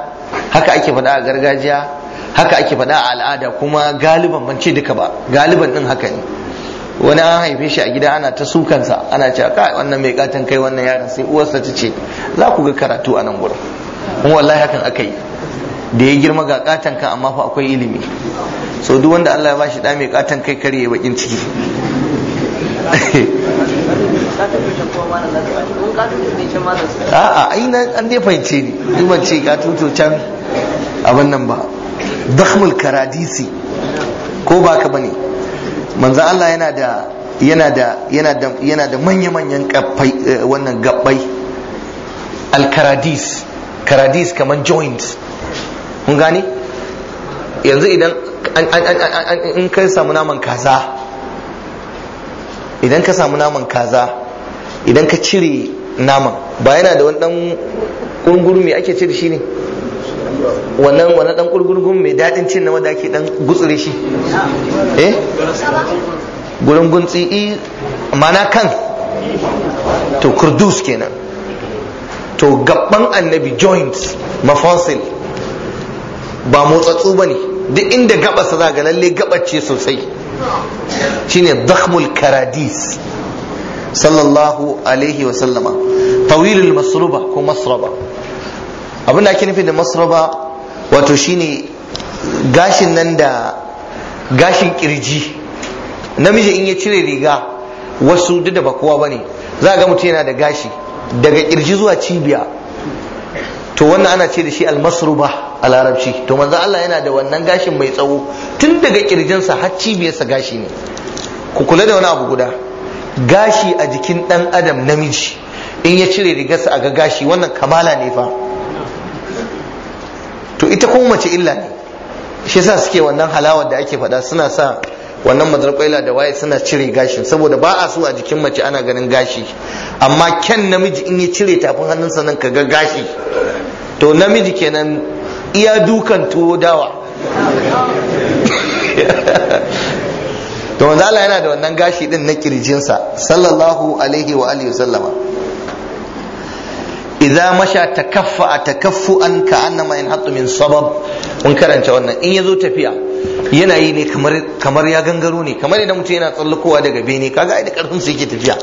haka ake faɗa a gargajiya haka ake faɗa a al'ada kuma galiban ban ce duka ba galiban din haka ne wani an haife shi a gida ana ta sukansa ana cewa kai wannan mai katon kai wannan yaron sai uwarsa ta ce za ku ga karatu a nan gurin kuma wallahi hakan aka yi da ya girma ga katon ka amma fa akwai ilimi so duk wanda Allah ya bashi da mai katon kai kare ya bakin ciki a'a ai na an dai fahimce ni duban ce ka tuto can abin nan ba dakhmul karadisi ko ba ka bane manzo Allah yana da yana da yana da yana da manya manyan eh, wannan gabbai al karadis karadis kaman joints kun gane yanzu idan in kai samu naman kaza idan ka samu naman kaza idan ka cire naman ba yana da wani dan kurguru mai ake cire shi ne wannan wani dan kurgurgun mai daɗin cin na wanda ake dan gutsure shi eh gurin guntsi mana kan to kurdus kenan to gabban annabi joints mafasil ba motsatsu ba ne duk inda gabasa za ga lalle gabace sosai shine dakhmul karadis sallallahu alaihi wa sallama tawilul masruba ko masraba abin da ake nufi da masraba wato shine gashin nan da gashin kirji namiji in ya cire riga wasu duk da ba kowa bane za ga mutum yana da gashi daga kirji zuwa cibiya to wannan ana ce da shi almasruba a larabci to manzo Allah yana da wannan gashin mai tsawo tun daga kirjinsa har cibiyarsa gashi ne ku kula da wani abu guda gashi a jikin ɗan adam namiji in ya cire rigarsa a ga gashi wannan kamala ne fa to ita kuma mace illa ne shi yasa suke wannan halawar da ake faɗa suna sa wannan madarƙwaila da waye suna cire gashi? saboda ba a so a jikin mace ana ganin gashi amma kyan namiji in ya cire tafin hannunsa nan ka ga gashi to namiji kenan iya dukan tuwo dawa to manzo Allah yana da wannan gashi din na sa sallallahu alaihi wa alihi sallama idza masha takaffa an ka annama in hatu min sabab mun karanta wannan in yazo tafiya yana yi ne kamar kamar ya gangaro ne kamar idan mutum yana tsallakowa daga bene kaga ai da karfin sa yake tafiya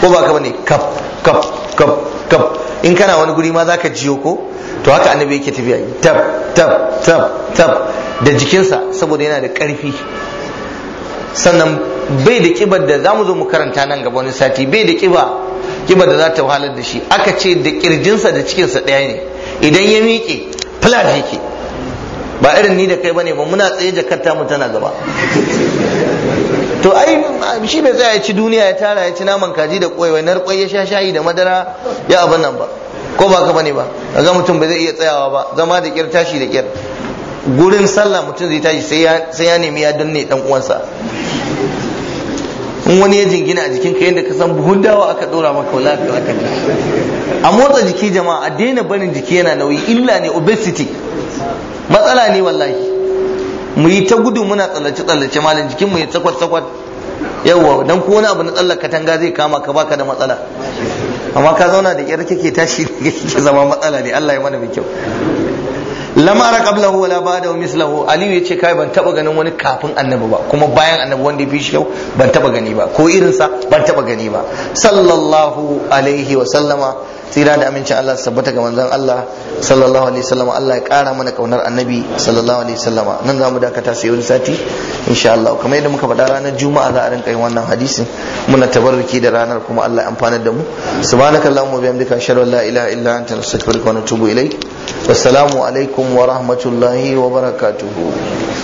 ko ba ka ne kaf kaf kaf kaf in kana wani guri ma zaka jiyo ko to haka annabi yake tafiya tab tab tab tab da jikinsa saboda yana da karfi sannan bai da kibar da za mu zo mu karanta nan gaba wani sati bai da kiba kibar da za ta wahalar da shi aka ce da kirjinsa da cikinsa ɗaya ne idan ya miƙe flat yake ba irin ni da kai bane ba muna tsaye jakarta mu tana gaba to ai shi bai tsaya ya ci duniya ya tara ya ci naman kaji da kwai wai narkwai ya sha shayi da madara ya abin nan ba ko ba ka bane ba ga mutum bai zai iya tsayawa ba zama da kyar tashi da kyar gurin sallah mutum zai tashi sai ya nemi ya danne dan uwansa in wani ya jingina a jikin ka yadda ka san buhun dawa aka dora maka lafiya aka a motsa jiki jama'a a daina barin jiki yana nauyi illa ne obesity matsala ne wallahi mu yi ta gudu muna tsallace tsallace malam jikin mu ya tsakwat tsakwat yawwa dan ko wani abu na tsallaka katanga zai kama ka baka da matsala amma ka zauna da kyar kake tashi kake zama matsala ne Allah ya mana mai kyau lamara huwa wala ba'da mislahu aliyu yace kai ban taba ganin wani kafin annabi ba kuma bayan annabi wanda ya fi shi ban taba gani ba ko irin sa ban taba gani ba sallallahu alaihi wa sallama tsira da amincin Allah su ga manzon Allah sallallahu alaihi wasallam Allah ya kara mana kaunar annabi sallallahu alaihi wasallam nan za mu dakata sai wani sati insha Allah kamar yadda muka faɗa ranar juma'a za a rinka yin wannan hadisin muna tabarruki da ranar kuma Allah ya amfana da mu subhanakallahumma wa bihamdika ashhadu an la ilaha illa anta astaghfiruka wa atubu ilaik wassalamu alaikum wa rahmatullahi wa barakatuh